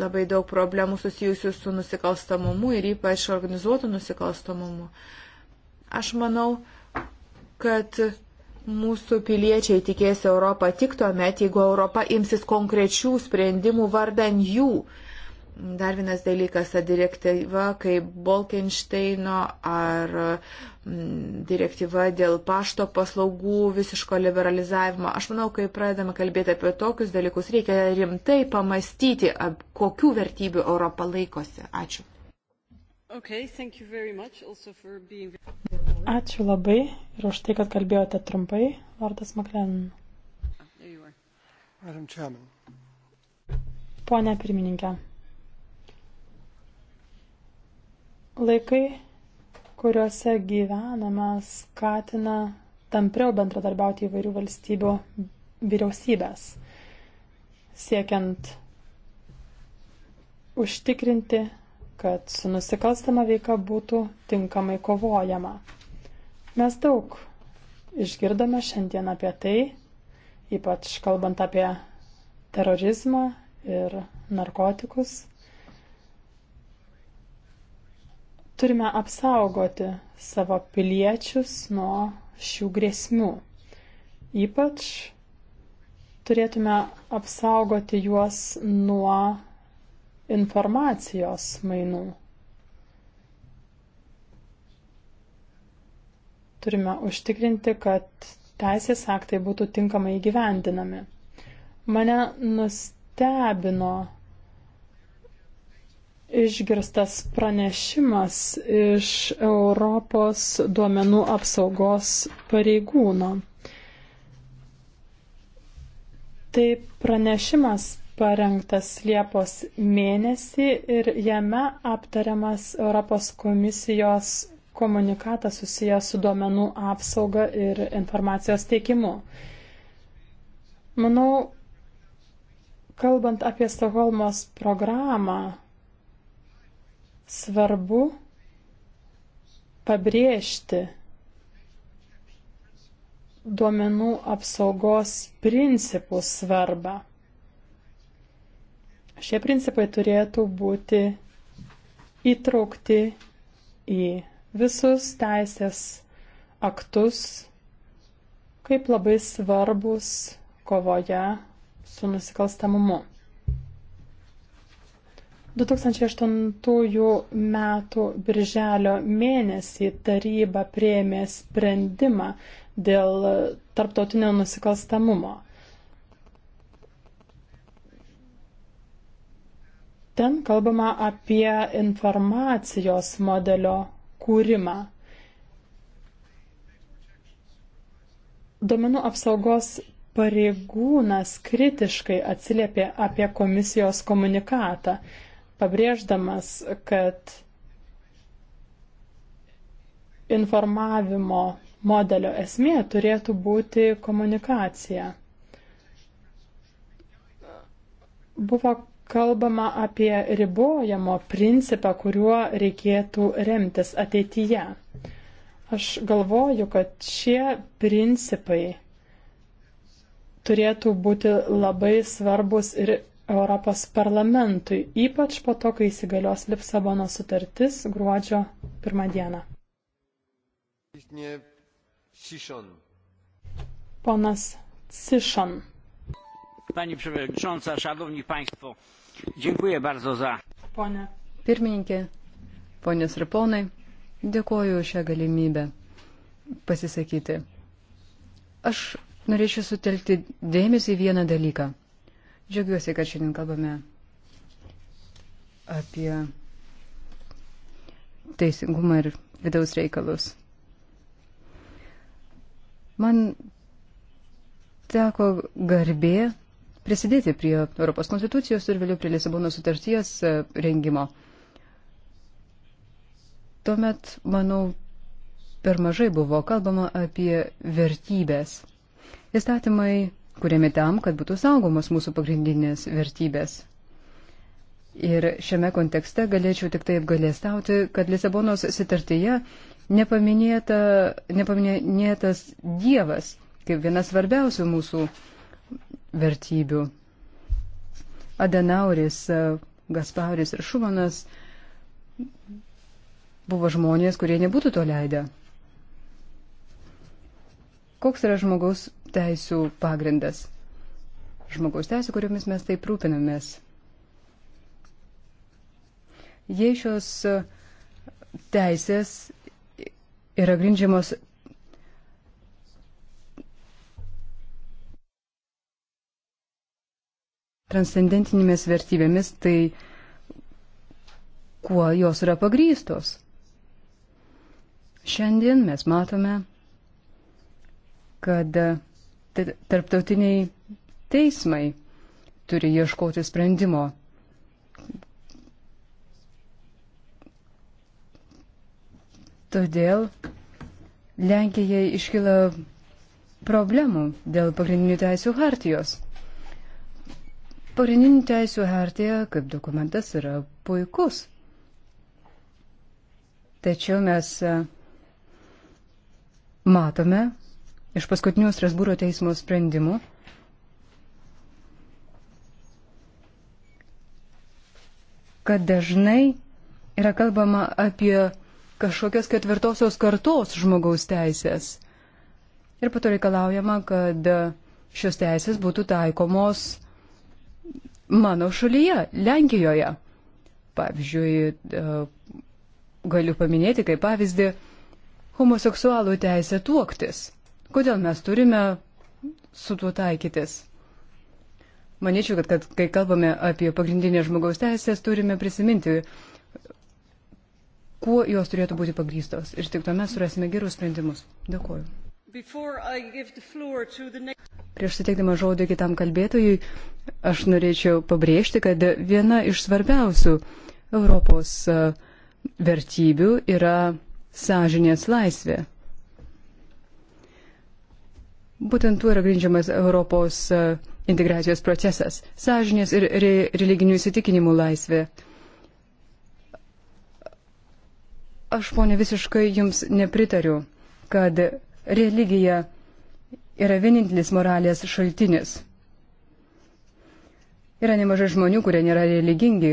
Speaker 2: labai daug problemų susijusių su nusikalstamumu ir ypač organizuotų nusikalstamumu. Aš manau, kad mūsų piliečiai tikės Europą tik tuo met, jeigu Europa imsis konkrečių sprendimų vardan jų. Uh, Dar vienas dalykas, ta direktyva kaip Bolkensteino ar mm, direktyva dėl pašto paslaugų visiško liberalizavimo. Aš manau, kai pradedame kalbėti apie tokius dalykus, reikia rimtai pamastyti,
Speaker 4: kokių vertybių Europa laikosi. Ačiū.
Speaker 1: Okay, being...
Speaker 4: Ačiū labai ir už tai, kad kalbėjote trumpai. Vardas Maklen. Pone pirmininkė. Laikai, kuriuose gyvename, skatina tampriau bendradarbiauti įvairių valstybių vyriausybės, siekiant užtikrinti, kad su nusikalstama veika būtų tinkamai kovojama. Mes daug išgirdome šiandien apie tai, ypač kalbant apie terorizmą ir narkotikus. Turime apsaugoti savo piliečius nuo šių grėsmių. Ypač turėtume apsaugoti juos nuo informacijos mainų. turime užtikrinti, kad teisės aktai būtų tinkamai įgyvendinami. Mane nustebino išgirstas pranešimas iš Europos duomenų apsaugos pareigūno. Tai pranešimas parengtas Liepos mėnesį ir jame aptariamas Europos komisijos komunikatas susijęs su duomenų apsauga ir informacijos teikimu. Manau, kalbant apie Stokholmos programą, Svarbu pabrėžti duomenų apsaugos principų svarbą. Šie principai turėtų būti įtraukti į visus teisės aktus kaip labai svarbus kovoje su nusikalstamumu. 2008 metų birželio mėnesį taryba prieėmė sprendimą dėl tarptautinio nusikalstamumo. Ten kalbama apie informacijos modelio kūrimą. Domenų apsaugos pareigūnas kritiškai atsiliepė apie komisijos komunikatą pabrėždamas, kad informavimo modelio esmė turėtų būti komunikacija. Buvo kalbama apie ribojamo principą, kuriuo reikėtų remtis ateityje. Aš galvoju, kad šie principai turėtų būti labai svarbus ir Europos parlamentui, ypač po to, kai įsigalios Lipsabono sutartis gruodžio pirmą dieną. Ponas Ciszon.
Speaker 2: Pani Przewodnicząca, Szanowni Państwo,
Speaker 4: dziękuję bardzo za. Pone. Pirmininkė, ponios ir ponai,
Speaker 1: dėkoju šią galimybę pasisakyti. Aš norėčiau sutelkti dėmesį į vieną dalyką. Džiaugiuosi, kad šiandien kalbame apie teisingumą ir vidaus reikalus. Man teko garbė prisidėti prie Europos konstitucijos ir vėliau prie Lisabono sutarties e, rengimo. Tuomet, manau, per mažai buvo kalbama apie vertybės. Įstatymai kuriami tam, kad būtų saugomos mūsų pagrindinės vertybės. Ir šiame kontekste galėčiau tik taip galėstauti, kad Lisabonos sitartyje nepaminėta, nepaminėtas Dievas kaip viena svarbiausių mūsų vertybių. Adenauris, Gaspauris ir Šumanas buvo žmonės, kurie nebūtų to leidę. Koks yra žmogaus teisų pagrindas. Žmogaus teisų, kuriomis mes taip rūpinamės. Jei šios teisės yra grindžiamos transcendentinėmis vertybėmis, tai kuo jos yra pagrystos? Šiandien mes matome, kad tarptautiniai teismai turi ieškoti sprendimo. Todėl Lenkijai iškyla problemų dėl pagrindinių teisų hartijos. Pagrindinių teisų hartija kaip dokumentas yra puikus. Tačiau mes e, matome, Iš paskutinio Strasbūro teismo sprendimų kad dažnai yra kalbama apie kažkokias ketvirtosios kartos žmogaus teisės. Ir pato reikalaujama, kad šios teisės būtų taikomos mano šalyje, Lenkijoje. Pavyzdžiui, e, galiu paminėti kaip pavyzdį homoseksualų teisę tuoktis. Kodėl mes turime su tuo taikytis? Manyčiau, kad, kad kai kalbame apie pagrindinės žmogaus teisės, turime prisiminti, kuo jos turėtų būti pagrystos. Ir tik tuomet surasime gerus sprendimus. Dėkuoju. Prieš suteikdama žodį kitam kalbėtojui, aš norėčiau pabrėžti, kad viena iš svarbiausių Europos vertybių yra sąžinės laisvė. Būtent tuo yra grindžiamas Europos e, integracijos procesas - sąžinės ir re religinių įsitikinimų laisvė. Aš, ponė, visiškai jums nepritariu, kad religija yra vienintelis moralės šaltinis. Yra nemažai žmonių, kurie nėra religingi,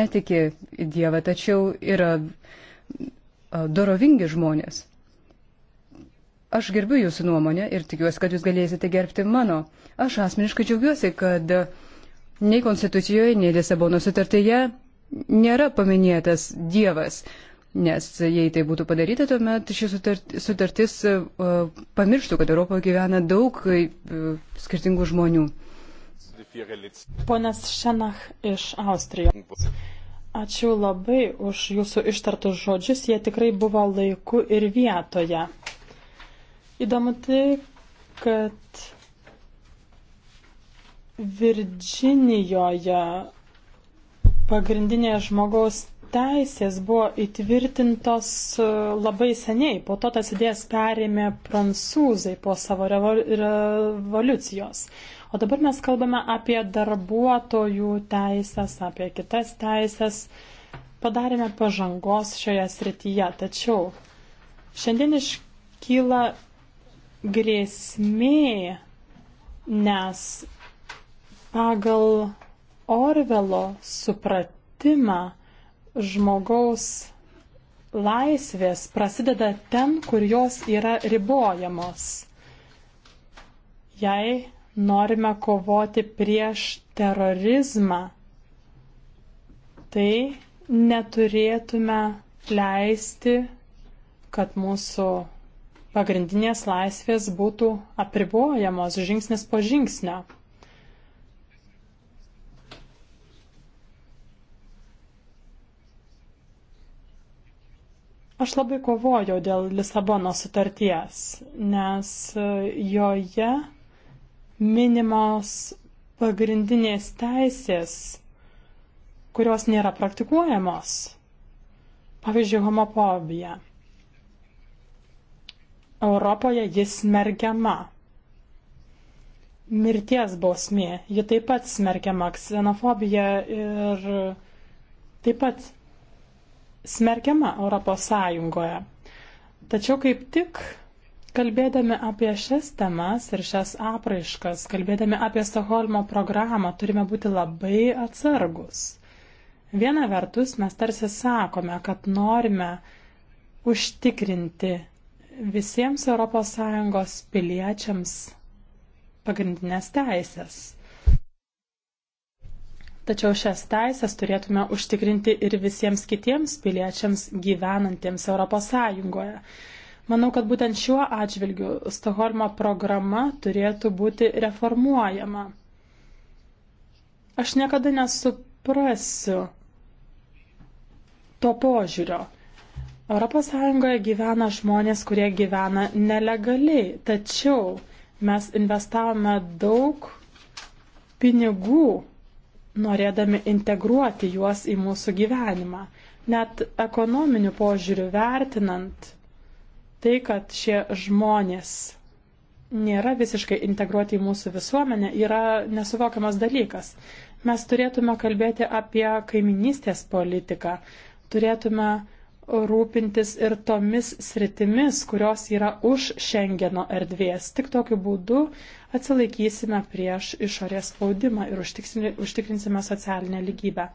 Speaker 1: netiki Dievą, tačiau yra e, dorovingi žmonės. Aš gerbiu jūsų nuomonę ir tikiuosi, kad jūs galėsite gerbti mano. Aš asmeniškai džiaugiuosi, kad nei Konstitucijoje, nei Lisabono sutartyje nėra paminėtas Dievas, nes jei tai būtų padaryta, tuomet ši sutartis e, pamirštų, kad Europoje gyvena daug e, skirtingų žmonių.
Speaker 4: Ponas Šenach iš Austrijos. Ačiū labai už jūsų ištartus žodžius, jie tikrai buvo laiku ir vietoje. Įdomu tai, kad Virginijoje pagrindinės žmogaus teisės buvo įtvirtintos e, labai seniai, po to tas idėjas perėmė prancūzai po savo revoliucijos. O dabar mes kalbame apie darbuotojų teisės, apie kitas teisės. Padarėme pažangos šioje srityje, tačiau šiandien iškyla grėsmė, nes pagal Orvelo supratimą žmogaus laisvės prasideda ten, kur jos yra ribojamos. Jei norime kovoti prieš terorizmą, tai neturėtume leisti, kad mūsų pagrindinės laisvės būtų apribojamos žingsnis po žingsnio. Aš labai kovojau dėl Lisabono sutarties, nes joje minimos pagrindinės teisės, kurios nėra praktikuojamos. Pavyzdžiui, homofobija. Europoje jis smergiama. Mirties bausmė, ji taip pat smergiama, ksenofobija ir taip pat smerkiama Europos Sąjungoje. Tačiau kaip tik kalbėdami apie šias temas ir šias apraiškas, kalbėdami apie Stokholmo programą, turime būti labai atsargus. Viena vertus mes tarsi sakome, kad norime užtikrinti visiems ES piliečiams pagrindinės teisės. Tačiau šias teisės turėtume užtikrinti ir visiems kitiems piliečiams gyvenantiems ES. Manau, kad būtent šiuo atžvilgiu Stokholmo programa turėtų būti reformuojama. Aš niekada nesuprasiu to požiūrio. Europos Sąjungoje gyvena žmonės, kurie gyvena nelegaliai, tačiau mes investavome daug pinigų, norėdami integruoti juos į mūsų gyvenimą. Net ekonominių požiūrių vertinant tai, kad šie žmonės nėra visiškai integruoti į mūsų visuomenę, yra nesuvokiamas dalykas. Mes turėtume kalbėti apie kaiminystės politiką, turėtume rūpintis ir tomis sritimis, kurios yra už Šengeno erdvės. Tik tokiu būdu atsilaikysime prieš išorės spaudimą ir užtikrinsime socialinę lygybę.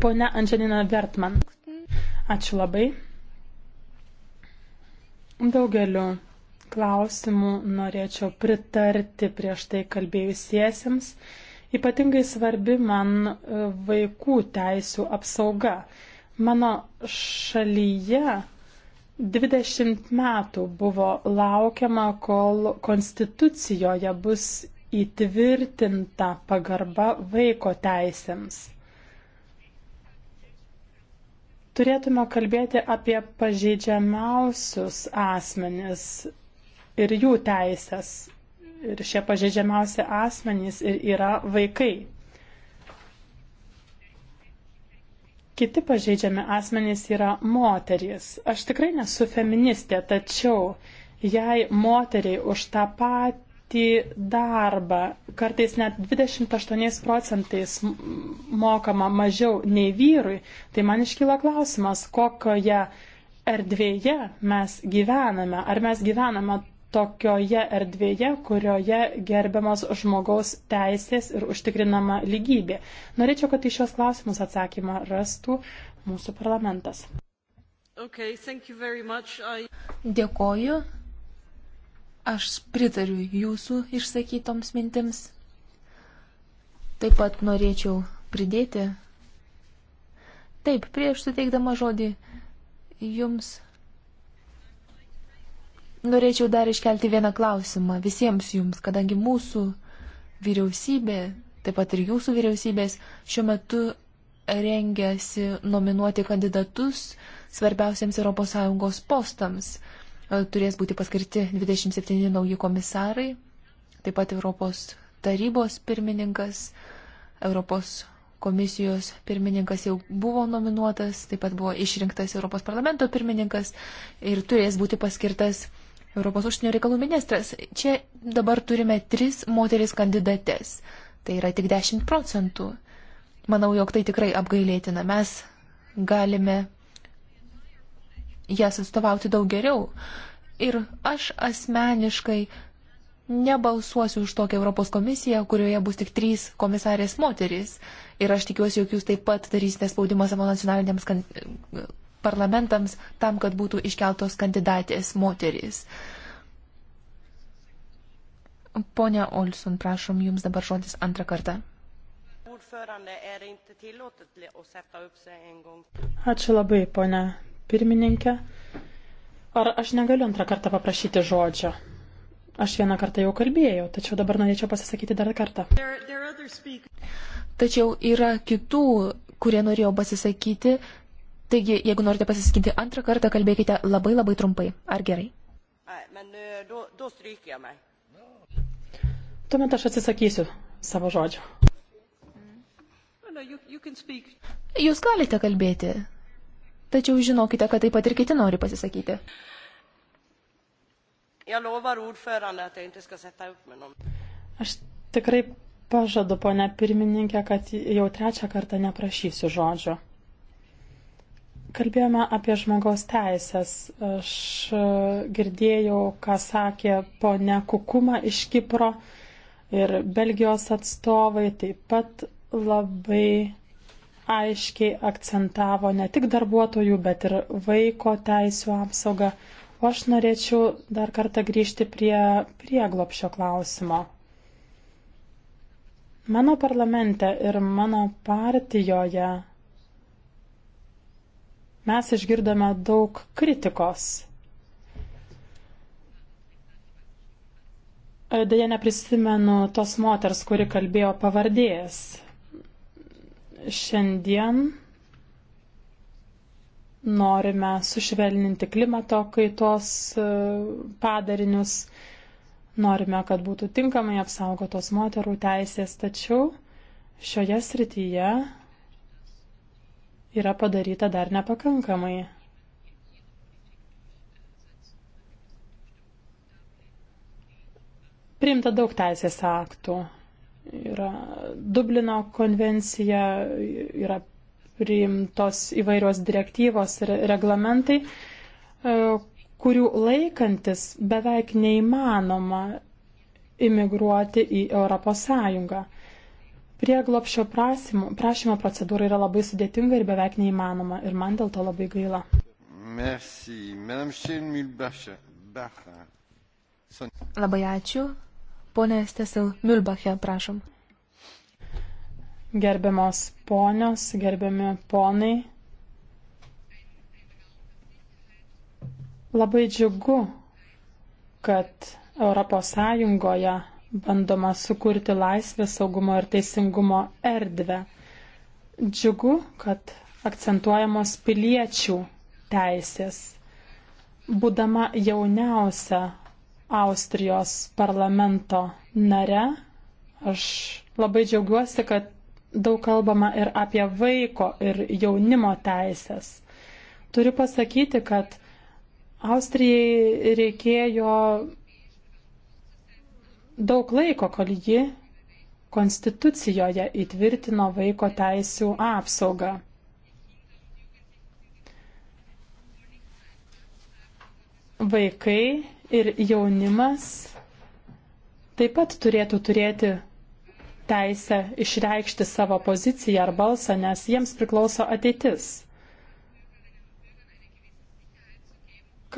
Speaker 4: Pone Anželina Vertman. Ačiū labai. Daugeliu klausimų norėčiau pritarti prieš tai kalbėjusiesiems. Ypatingai svarbi man e, vaikų teisų apsauga. Mano šalyje 20 metų buvo laukiama, kol konstitucijoje bus įtvirtinta pagarba vaiko teisėms. Turėtume kalbėti apie pažeidžiamiausius asmenis ir jų teisės. Ir šie pažeidžiamiausi asmenys ir yra vaikai. Kiti pažeidžiami asmenys yra moterys. Aš tikrai nesu feministė, tačiau jei moteriai už tą patį darbą kartais net 28 procentais mokama mažiau nei vyrui, tai man iškyla klausimas, kokioje erdvėje mes gyvename. Ar mes gyvename tokioje erdvėje, kurioje gerbiamas žmogaus teisės ir užtikrinama lygybė. Norėčiau, kad į šios klausimus atsakymą rastų
Speaker 3: mūsų parlamentas.
Speaker 1: Okay, I...
Speaker 3: Dėkoju. Aš pritariu jūsų išsakytoms mintims. Taip pat norėčiau pridėti. Taip, prieš suteikdama žodį jums Norėčiau dar iškelti vieną klausimą visiems jums, kadangi mūsų vyriausybė, taip pat ir jūsų vyriausybės, šiuo metu rengiasi nominuoti kandidatus svarbiausiams ES postams. E, turės būti paskirti 27 nauji komisarai, taip pat Europos tarybos pirmininkas, Europos komisijos pirmininkas jau buvo nominuotas, taip pat buvo išrinktas Europos parlamento pirmininkas ir turės būti paskirtas Europos užsienio reikalų ministras. Čia dabar turime tris moteris kandidates. Tai yra tik 10 procentų. Manau, jog tai tikrai apgailėtina. Mes galime jas atstovauti daug geriau. Ir aš asmeniškai nebalsuosiu už tokią Europos komisiją, kurioje bus tik trys komisarės moterys. Ir aš tikiuosi, jog jūs taip pat darysite spaudimą savo nacionaliniams parlamentams tam, kad būtų iškeltos kandidatės moterys. Pone Olsun, prašom, jums dabar žodis antrą kartą.
Speaker 4: Ačiū labai, ponia pirmininkė. Ar aš negaliu antrą kartą paprašyti žodžio? Aš vieną kartą jau kalbėjau, tačiau dabar norėčiau pasisakyti dar kartą.
Speaker 3: Tačiau yra kitų, kurie norėjo pasisakyti, Taigi, jeigu norite pasiskinti antrą kartą, kalbėkite labai labai trumpai. Ar gerai? Eh, Tuomet aš atsisakysiu savo žodžio.
Speaker 2: Eh,
Speaker 3: Jūs galite kalbėti, tačiau žinokite, kad taip pat ir kiti nori pasisakyti. Aš tikrai
Speaker 4: pažadu, ponia pirmininkė, kad jau trečią kartą neprašysiu žodžio. Kalbėjome apie žmogaus teisės. Aš e, girdėjau, ką sakė ponia Kukuma iš Kipro ir Belgijos atstovai taip pat labai aiškiai akcentavo ne tik darbuotojų, bet ir vaiko teisų apsaugą. O aš norėčiau dar kartą grįžti prie prieglopšio klausimo. Mano parlamente ir mano partijoje mes išgirdome daug kritikos. Deja, neprisimenu tos moters, kuri kalbėjo pavardės. Šiandien norime sušvelninti klimato kaitos e, padarinius, norime, kad būtų tinkamai apsaugotos moterų teisės, tačiau šioje srityje yra padaryta dar nepakankamai. Priimta daug teisės aktų. Yra Dublino konvencija, yra priimtos įvairios direktyvos ir reglamentai, e, kurių laikantis beveik neįmanoma imigruoti į Europos Sąjungą. Prieglopšio prašymo, prašymo procedūra yra labai sudėtinga ir beveik neįmanoma ir man dėl to labai gaila.
Speaker 2: Merci. Madame Schilmilbacher. Son...
Speaker 4: Labai ačiū. Pone Stesel Milbacher, prašom. Gerbiamos ponios, gerbiami ponai. Labai džiugu, kad Europos Sąjungoje bandoma sukurti laisvės, saugumo ir teisingumo erdvę. Džiugu, kad akcentuojamos piliečių teisės. Būdama jauniausia Austrijos parlamento nare, aš labai džiaugiuosi, kad daug kalbama ir apie vaiko ir jaunimo teisės. Turiu pasakyti, kad Austrijai reikėjo daug laiko, kol ji Konstitucijoje įtvirtino vaiko teisų apsaugą. Vaikai ir jaunimas taip pat turėtų turėti teisę išreikšti savo poziciją ar balsą, nes jiems priklauso ateitis.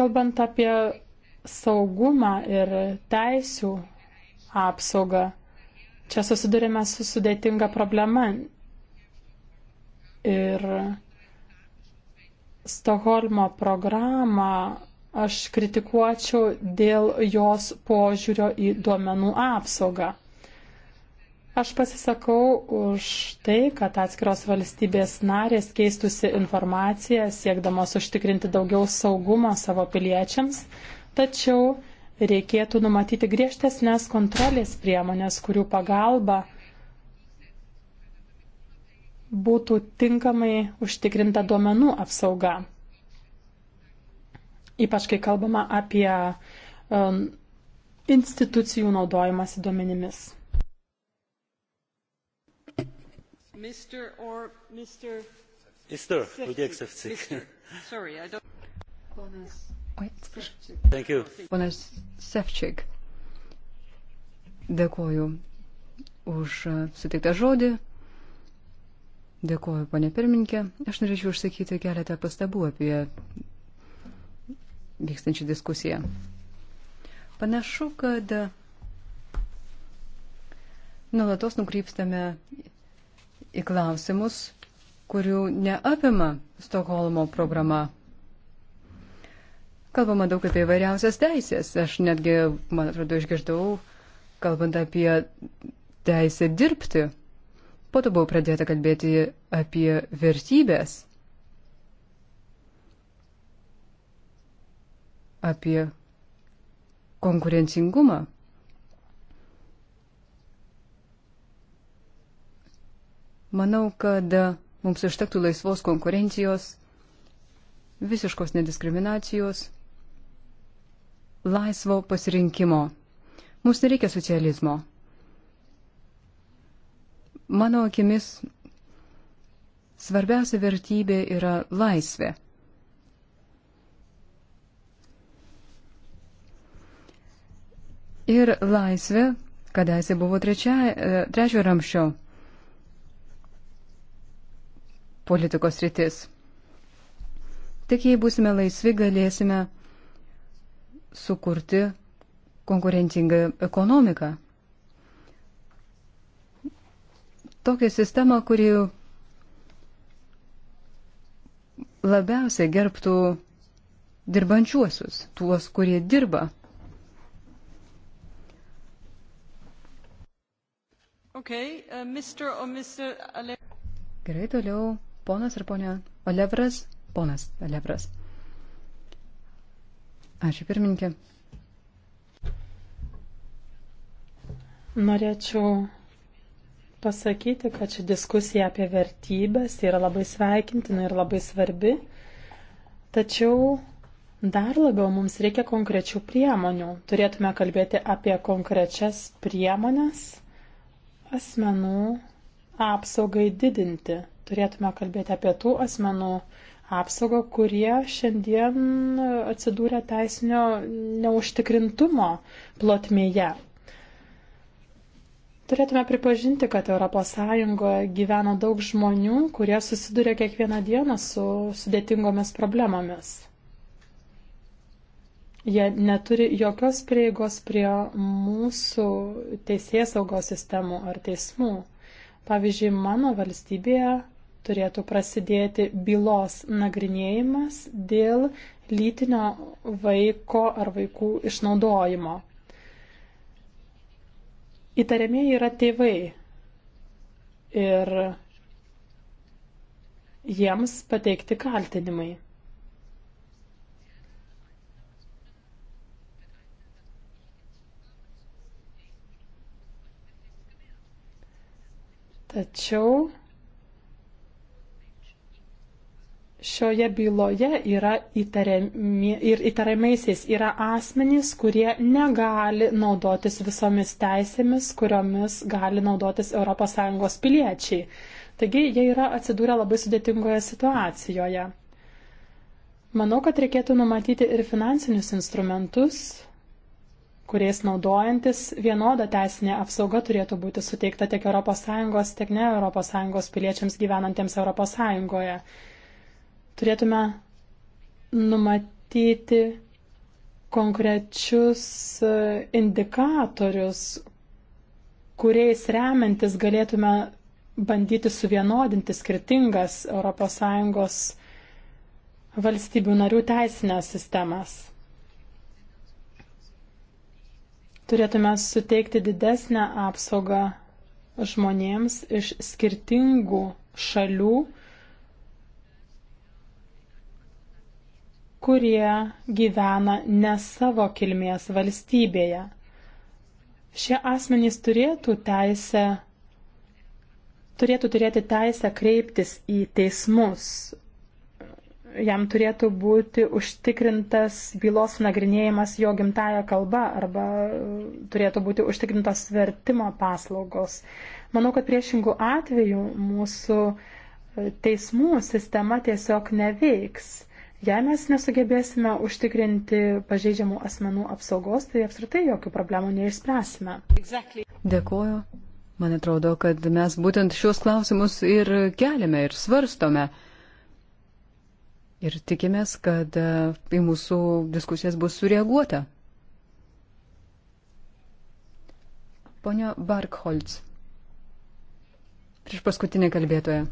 Speaker 4: Kalbant apie saugumą ir teisų apsaugą. Čia susidurime su sudėtinga problema. Ir Stoholmo programą aš kritikuočiau dėl jos požiūrio į duomenų apsaugą. Aš pasisakau už tai, kad atskiros valstybės narės keistusi informaciją, siekdamos užtikrinti daugiau saugumo savo piliečiams, tačiau reikėtų numatyti griežtesnės kontrolės priemonės, kurių pagalba būtų tinkamai užtikrinta duomenų apsauga. Ypač kai kalbama apie um, institucijų naudojimąsi duomenimis. Mr. or Mr. Mr.
Speaker 1: Sorry, I don't... Ponas Oi, atsiprašau. Ponas Sefčik, dėkoju už suteiktą žodį. Dėkoju, ponė pirmininkė. Aš norėčiau užsakyti keletą pastabų apie vykstančią diskusiją. Panašu, kad nuolatos nukrypstame į klausimus, kurių neapima Stokholmo programa Kalbama daug apie įvairiausias teisės. Aš netgi, man atrodo, išgirdau, kalbant apie teisę dirbti. Po to buvo pradėta kalbėti apie vertybės, apie konkurencingumą. Manau, kad mums užtektų laisvos konkurencijos, visiškos nediskriminacijos laisvo pasirinkimo. Mums nereikia socializmo. Mano akimis svarbiausia vertybė yra laisvė. Ir laisvė, kadaise buvo trečia, e, trečio ramščio politikos rytis. Tik jei būsime laisvi, galėsime sukurti konkurencingą ekonomiką. Tokią sistemą, kuri labiausiai gerbtų dirbančiuosius, tuos, kurie dirba. Okay, uh, Mr. O Mr. Ale... Gerai, toliau ponas ir ponia Olevras, ponas Olevras. Ačiū pirmininkė.
Speaker 4: Norėčiau pasakyti, kad ši diskusija apie vertybės yra labai sveikintina ir labai svarbi, tačiau dar labiau mums reikia konkrečių priemonių. Turėtume kalbėti apie konkrečias priemonės asmenų apsaugai didinti. Turėtume kalbėti apie tų asmenų apsaugą, kurie šiandien atsidūrė teisinio neužtikrintumo plotmėje. Turėtume pripažinti, kad ES gyvena daug žmonių, kurie susiduria kiekvieną dieną su sudėtingomis problemomis. Jie neturi jokios prieigos prie mūsų teisės saugos sistemų ar teismų. Pavyzdžiui, mano valstybėje turėtų prasidėti bylos nagrinėjimas dėl lytinio vaiko ar vaikų išnaudojimo. Įtariamieji yra tėvai ir jiems pateikti kaltinimai. Tačiau šioje byloje yra įtariami, ir įtariamaisiais yra asmenys, kurie negali naudotis visomis teisėmis, kuriomis gali naudotis ES piliečiai. Taigi jie yra atsidūrę labai sudėtingoje situacijoje. Manau, kad reikėtų numatyti ir finansinius instrumentus, kuriais naudojantis vienoda teisinė apsauga turėtų būti suteikta tiek ES, tiek ne ES piliečiams gyvenantiems ES turėtume numatyti konkrečius e, indikatorius, kuriais remiantis galėtume bandyti suvienodinti skirtingas ES valstybių narių teisinės sistemas. Turėtume suteikti didesnę apsaugą žmonėms iš skirtingų šalių, kurie gyvena ne savo kilmės valstybėje. Šie asmenys turėtų teisę turėtų turėti teisę kreiptis į teismus. Jam turėtų būti užtikrintas bylos nagrinėjimas jo gimtaja kalba arba turėtų būti užtikrintos vertimo paslaugos. Manau, kad priešingų atvejų mūsų teismų sistema tiesiog neveiks. Jei mes nesugebėsime užtikrinti pažeidžiamų asmenų apsaugos, tai apskritai jokių problemų neišspręsime. Exactly. Dėkuoju.
Speaker 1: Man atrodo, kad mes būtent šios klausimus ir keliame ir svarstome. Ir tikimės, kad e, į mūsų diskusijas bus sureaguota. Pone Barkholz, prieš paskutinį kalbėtoją.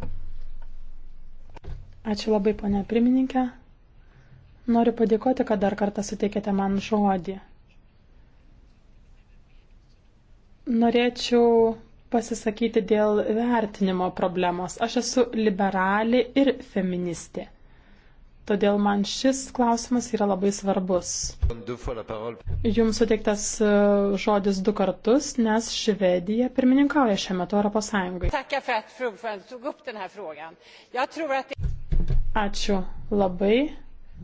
Speaker 4: Ačiū labai, ponia pirmininkė. Noriu padėkoti, kad dar kartą suteikėte man žodį. Norėčiau pasisakyti dėl vertinimo problemos. Aš esu liberali ir feministė. Todėl man šis klausimas yra labai svarbus. Jums suteiktas e, žodis du kartus, nes Švedija pirmininkauja šiuo metu Europos Sąjungai. Ačiū labai.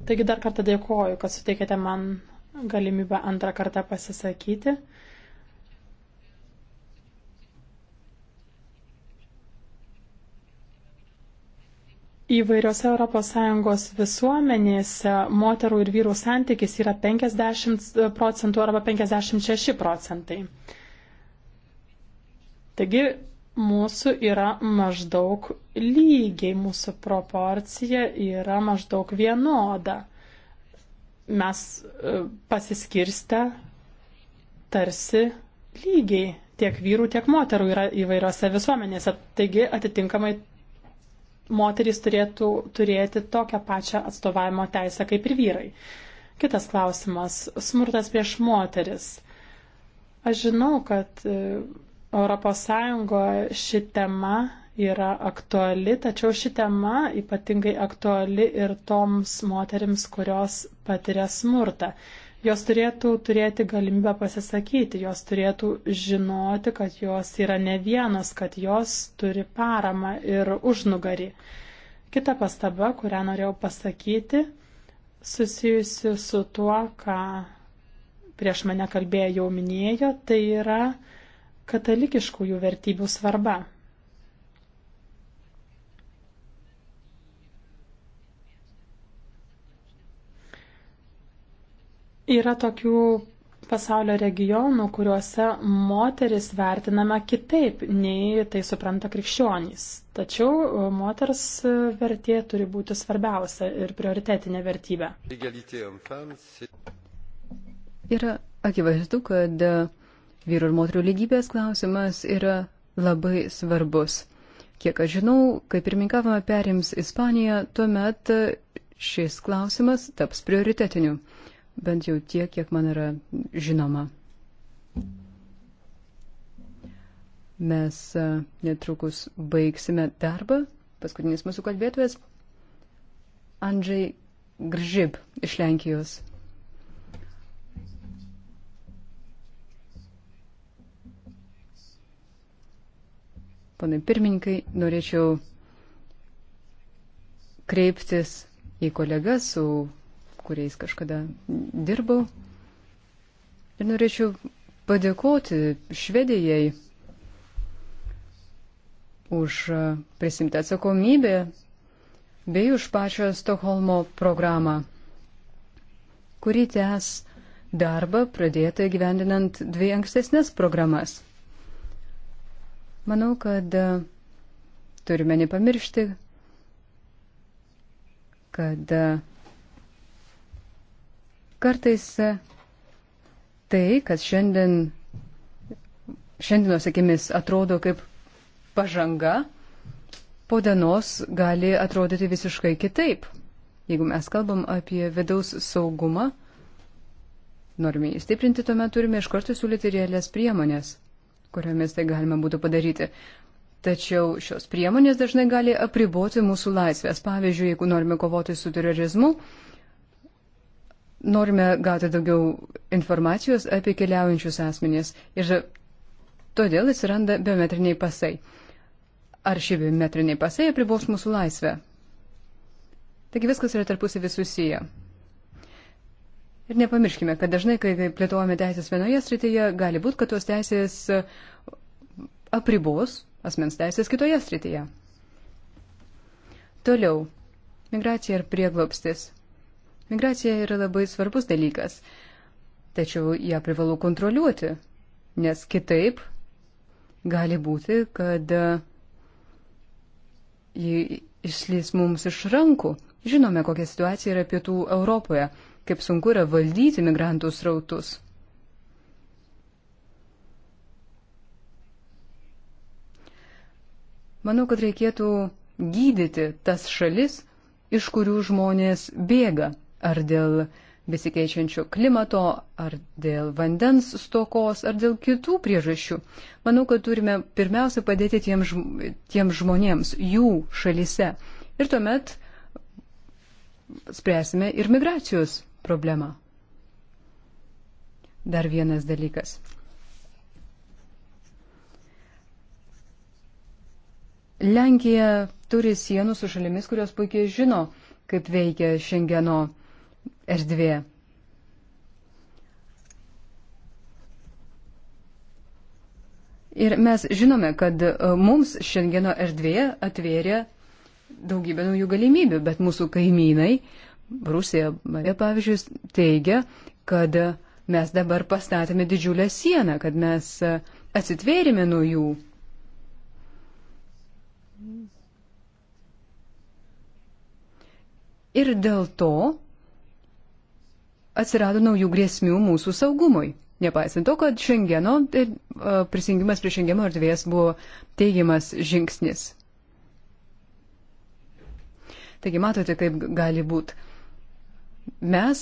Speaker 4: Taigi dar kartą dėkoju, kad suteikėte man galimybę antrą kartą pasisakyti. Įvairiose ES visuomenėse moterų ir vyrų santykis yra 50 procentų arba 56 procentai. Taigi mūsų yra maždaug lygiai, mūsų proporcija yra maždaug vienoda. Mes e, pasiskirstę tarsi lygiai tiek vyrų, tiek moterų yra įvairiose visuomenėse. Taigi atitinkamai moterys turėtų turėti tokią pačią atstovavimo teisę kaip ir vyrai. Kitas klausimas - smurtas prieš moteris. Aš žinau, kad e, ES ši tema yra aktuali, tačiau ši tema ypatingai aktuali ir toms moterims, kurios patiria smurtą. Jos turėtų turėti galimybę pasisakyti, jos turėtų žinoti, kad jos yra ne vienos, kad jos turi paramą ir užnugarį. Kita pastaba, kurią norėjau pasakyti, susijusi su tuo, ką prieš mane kalbėjo jau minėjo, tai yra katalikiškųjų vertybių svarba. Yra tokių pasaulio regionų, kuriuose moteris vertinama kitaip, nei tai supranta krikščionys. Tačiau e, moters vertė turi būti svarbiausia ir prioritetinė vertybė. Yra
Speaker 1: akivaizdu, kad Vyru ir moterio lygybės klausimas yra labai svarbus. Kiek aš žinau, kai pirmininkavimą perims Ispanija, tuomet šis klausimas taps prioritetiniu. Bent jau tiek, kiek man yra žinoma. Mes e, netrukus baigsime darbą. Paskutinis mūsų kalbėtojas Andžiai Gržib iš Lenkijos. Panai pirmininkai, norėčiau kreiptis į kolegas, su kuriais kažkada dirbau. Ir norėčiau padėkoti Švedijai už prisimtą atsakomybę bei už pačią Stokholmo programą, kuri tęs darbą pradėtą gyvendinant dvi ankstesnės programas. Manau, kad e, turime nepamiršti, kad e, kartais e, tai, kas šiandien, šiandienos akimis atrodo kaip pažanga, po dienos gali atrodyti visiškai kitaip. Jeigu mes kalbam apie vidaus saugumą, norime įstiprinti, tuomet turime iš karto siūlyti realias priemonės kuriomis tai galima būtų padaryti. Tačiau šios priemonės dažnai gali apriboti mūsų laisvės. Pavyzdžiui, jeigu norime kovoti su terorizmu, norime gauti daugiau informacijos apie keliaujančius asmenys ir todėl atsiranda biometriniai pasai. Ar šie biometriniai pasai apribos mūsų laisvę? Taigi viskas yra tarpusavį susiję. Ir nepamirškime, kad dažnai, kai plėtojame teisės vienoje srityje, gali būti, kad tos teisės e, apribos asmens teisės kitoje srityje. Toliau. Migracija ir prieglopstis. Migracija yra labai svarbus dalykas, tačiau ją privalu kontroliuoti, nes kitaip gali būti, kad e, ji išslys mums iš rankų. Žinome, kokia situacija yra pietų Europoje kaip sunku yra valdyti migrantų srautus. Manau, kad reikėtų gydyti tas šalis, iš kurių žmonės bėga, ar dėl besikeičiančio klimato, ar dėl vandens stokos, ar dėl kitų priežasčių. Manau, kad turime pirmiausia padėti tiems tiem žmonėms, jų šalise. Ir tuomet spręsime ir migracijos problemą. Dar vienas dalykas. Lenkija turi sienų su šalimis, kurios puikiai žino, kaip veikia Šengeno erdvė. Ir mes žinome, kad e, mums šiandieno erdvėje atvėrė daugybę naujų galimybių, bet mūsų kaimynai Rusija, pavyzdžiui, teigia, kad mes dabar pastatėme didžiulę sieną, kad mes atsitvėrėme nuo jų. Ir dėl to atsirado naujų grėsmių mūsų saugumui. Nepaisant to, kad Šengeno tai, prisijungimas prie Šengeno erdvės buvo teigiamas žingsnis. Taigi matote, kaip gali būti. Mes,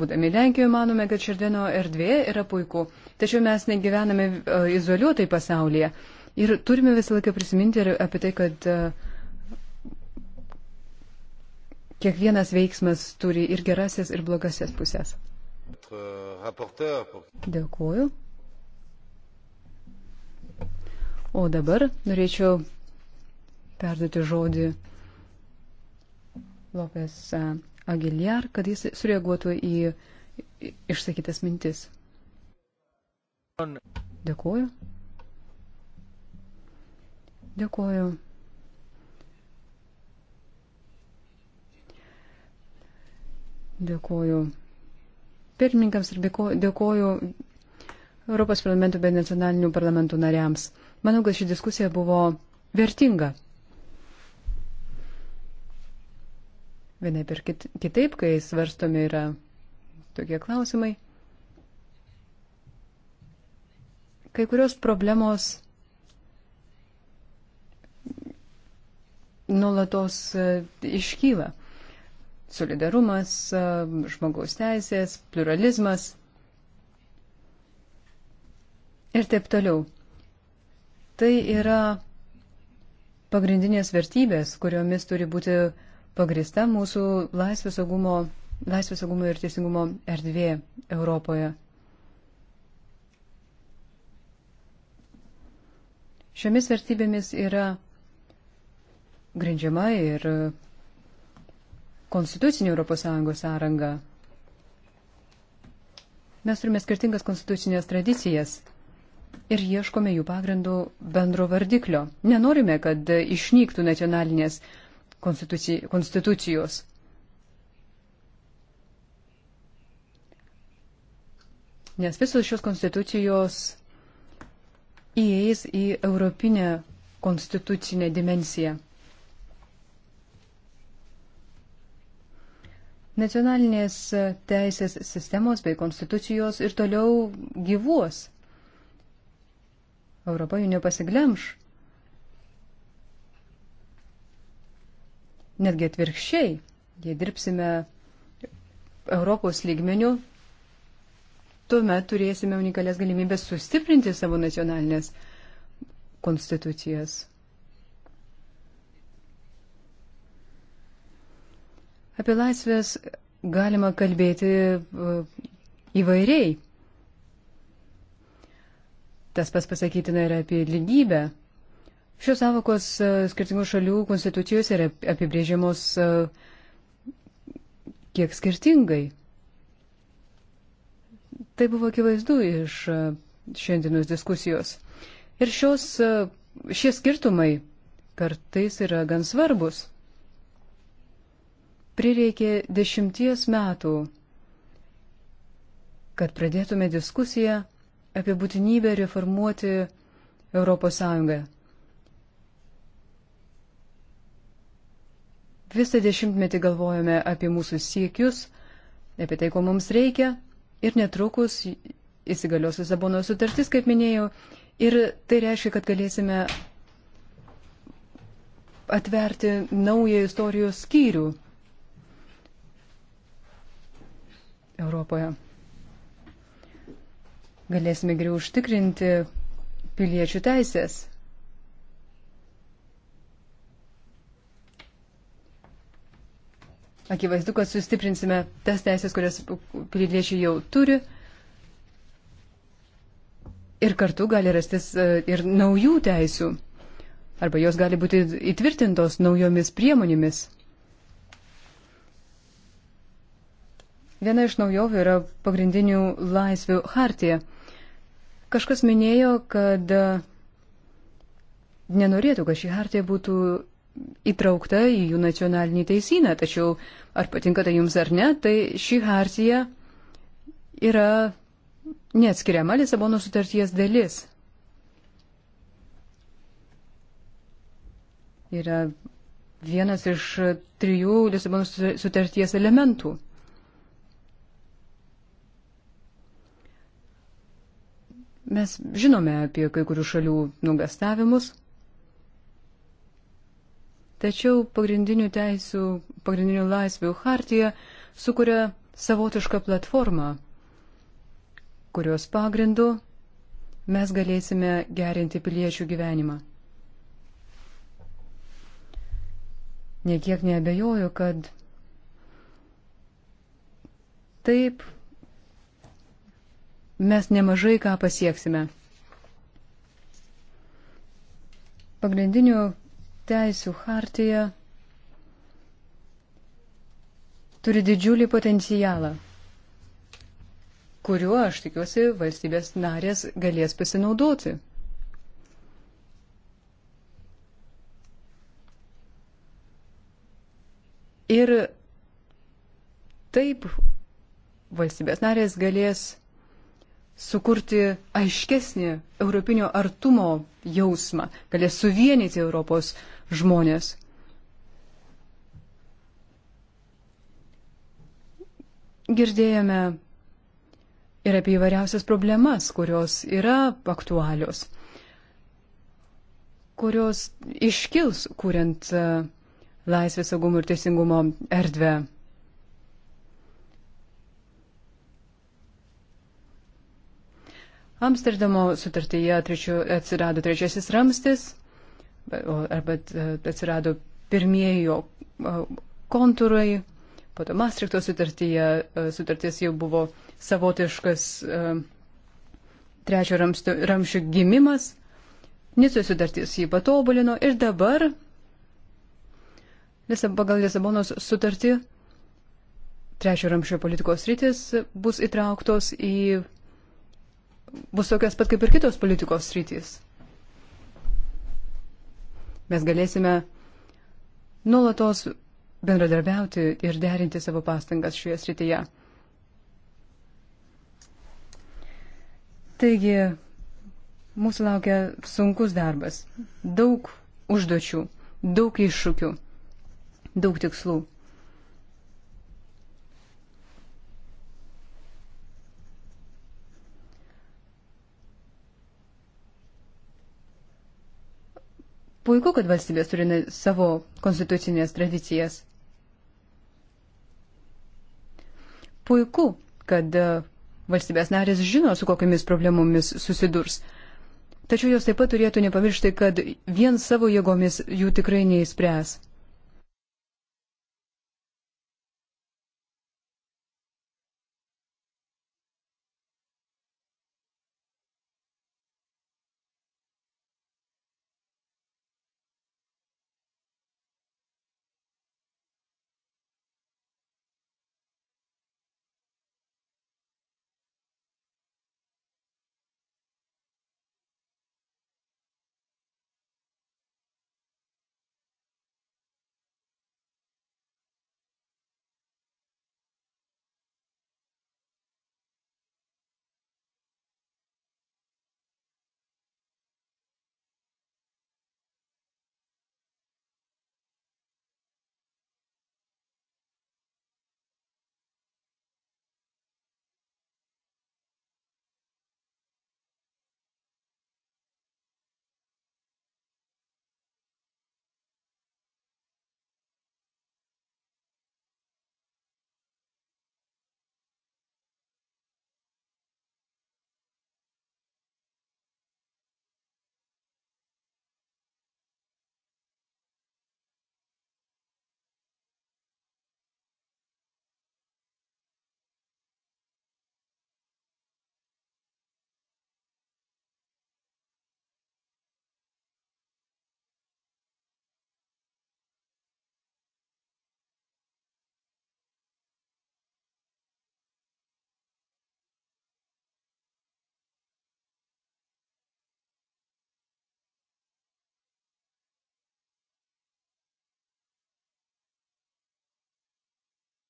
Speaker 1: būdami Lenkijoje, manome, kad Šerdino erdvė yra puiku, tačiau mes negyvename e, izoliuotai pasaulyje ir turime visą laiką prisiminti ir apie tai, kad e, kiekvienas veiksmas turi ir gerasias, ir blogasias pusės.
Speaker 3: Dėkuoju.
Speaker 1: O dabar norėčiau perduoti žodį Lopes e, Agiliar, kad jis sureaguotų į išsakytas mintis. Dėkuoju. Dėkuoju. Dėkuoju pirmininkams ir dėkuoju Europos parlamentų bei nacionalinių parlamentų nariams. Manau, kad ši diskusija buvo vertinga. vienaip ir kitaip, kai svarstomi yra tokie klausimai. Kai kurios problemos nulatos e, iškyla. Solidarumas, e, žmogaus teisės, pluralizmas ir taip toliau. Tai yra pagrindinės vertybės, kuriomis turi būti uh, pagrista mūsų laisvės saugumo, laisvės saugumo ir teisingumo erdvė Europoje. Šiomis vertybėmis yra grindžiama ir konstitucinė ES sąranga. Mes turime skirtingas konstitucinės tradicijas ir ieškome jų pagrindų bendro vardiklio. Nenorime, kad išnyktų nacionalinės konstitucijos. Nes visos šios konstitucijos įeis į europinę konstitucinę dimensiją. Nacionalinės teisės sistemos bei konstitucijos ir toliau gyvuos. Europa jų nepasiglemš. Netgi atvirkščiai, jei dirbsime Europos lygmenių, tuomet turėsime unikalias galimybės sustiprinti savo nacionalinės konstitucijas. Apie laisvės galima kalbėti uh, įvairiai. Tas pas pasakytina ir apie lygybę. Šios savokos e, skirtingų šalių konstitucijos yra apibrėžiamos e, kiek skirtingai. Tai buvo akivaizdu iš e, šiandienos diskusijos. Ir šios, šie skirtumai kartais yra gan svarbus. Prireikė dešimties metų, kad pradėtume diskusiją apie būtinybę reformuoti Europos Sąjungą. Visą dešimtmetį galvojame apie mūsų siekius, apie tai, ko mums reikia ir netrukus įsigalios Lisabonos sutartis, kaip minėjau, ir tai reiškia, kad galėsime atverti naują istorijos skyrių Europoje. Galėsime geriau užtikrinti piliečių teisės. Akivaizdu, kad sustiprinsime tas teisės, kurias piliečiai jau turi. Ir kartu gali rastis e, ir naujų teisių. Arba jos gali būti įtvirtintos naujomis priemonėmis. Viena iš naujovių yra pagrindinių laisvių hartija. Kažkas minėjo, kad e, nenorėtų, kad ši hartija būtų įtraukta į jų nacionalinį teisyną, tačiau ar patinka tai jums ar ne, tai ši hartija yra neatskiriama Lisabono sutarties dalis. Yra vienas iš trijų Lisabono sutarties elementų. Mes žinome apie kai kurių šalių nugastavimus. Tačiau pagrindinių teisų, pagrindinių laisvių hartija sukuria savotišką platformą, kurios pagrindu mes galėsime gerinti piliečių gyvenimą. Niekiek nebejoju, kad taip mes nemažai ką pasieksime. Pagrindinių teisų hartija turi didžiulį potencialą, kuriuo, aš tikiuosi, valstybės narės galės pasinaudoti. Ir taip valstybės narės galės sukurti aiškesnį europinio artumo jausmą, galės suvienyti Europos žmonės. Girdėjome ir apie įvairiausias problemas, kurios yra aktualios, kurios iškils, kuriant e, laisvės saugumo ir teisingumo erdvę. Amsterdamo sutartyje trečio, atsirado trečiasis ramstis arba e, atsirado pirmieji jo e, kontūrai, po to Maastrichto sutartyje e, sutartis jau buvo savotiškas trečio ramščio gimimas, Nicoj sutartis jį patobulino ir dabar pagal Lisabonos sutartį trečio ramščio politikos rytis bus įtrauktos į, bus tokios pat kaip ir kitos politikos rytis mes galėsime nuolatos bendradarbiauti ir derinti savo pastangas šioje srityje. Taigi, mūsų laukia sunkus darbas, daug užduočių, daug iššūkių, daug tikslų. puiku, kad valstybės turi savo konstitucinės tradicijas. Puiku, kad e, valstybės narės žino, su kokiamis problemomis susidurs. Tačiau jos taip pat turėtų nepamiršti, kad vien savo jėgomis jų tikrai neįspręs.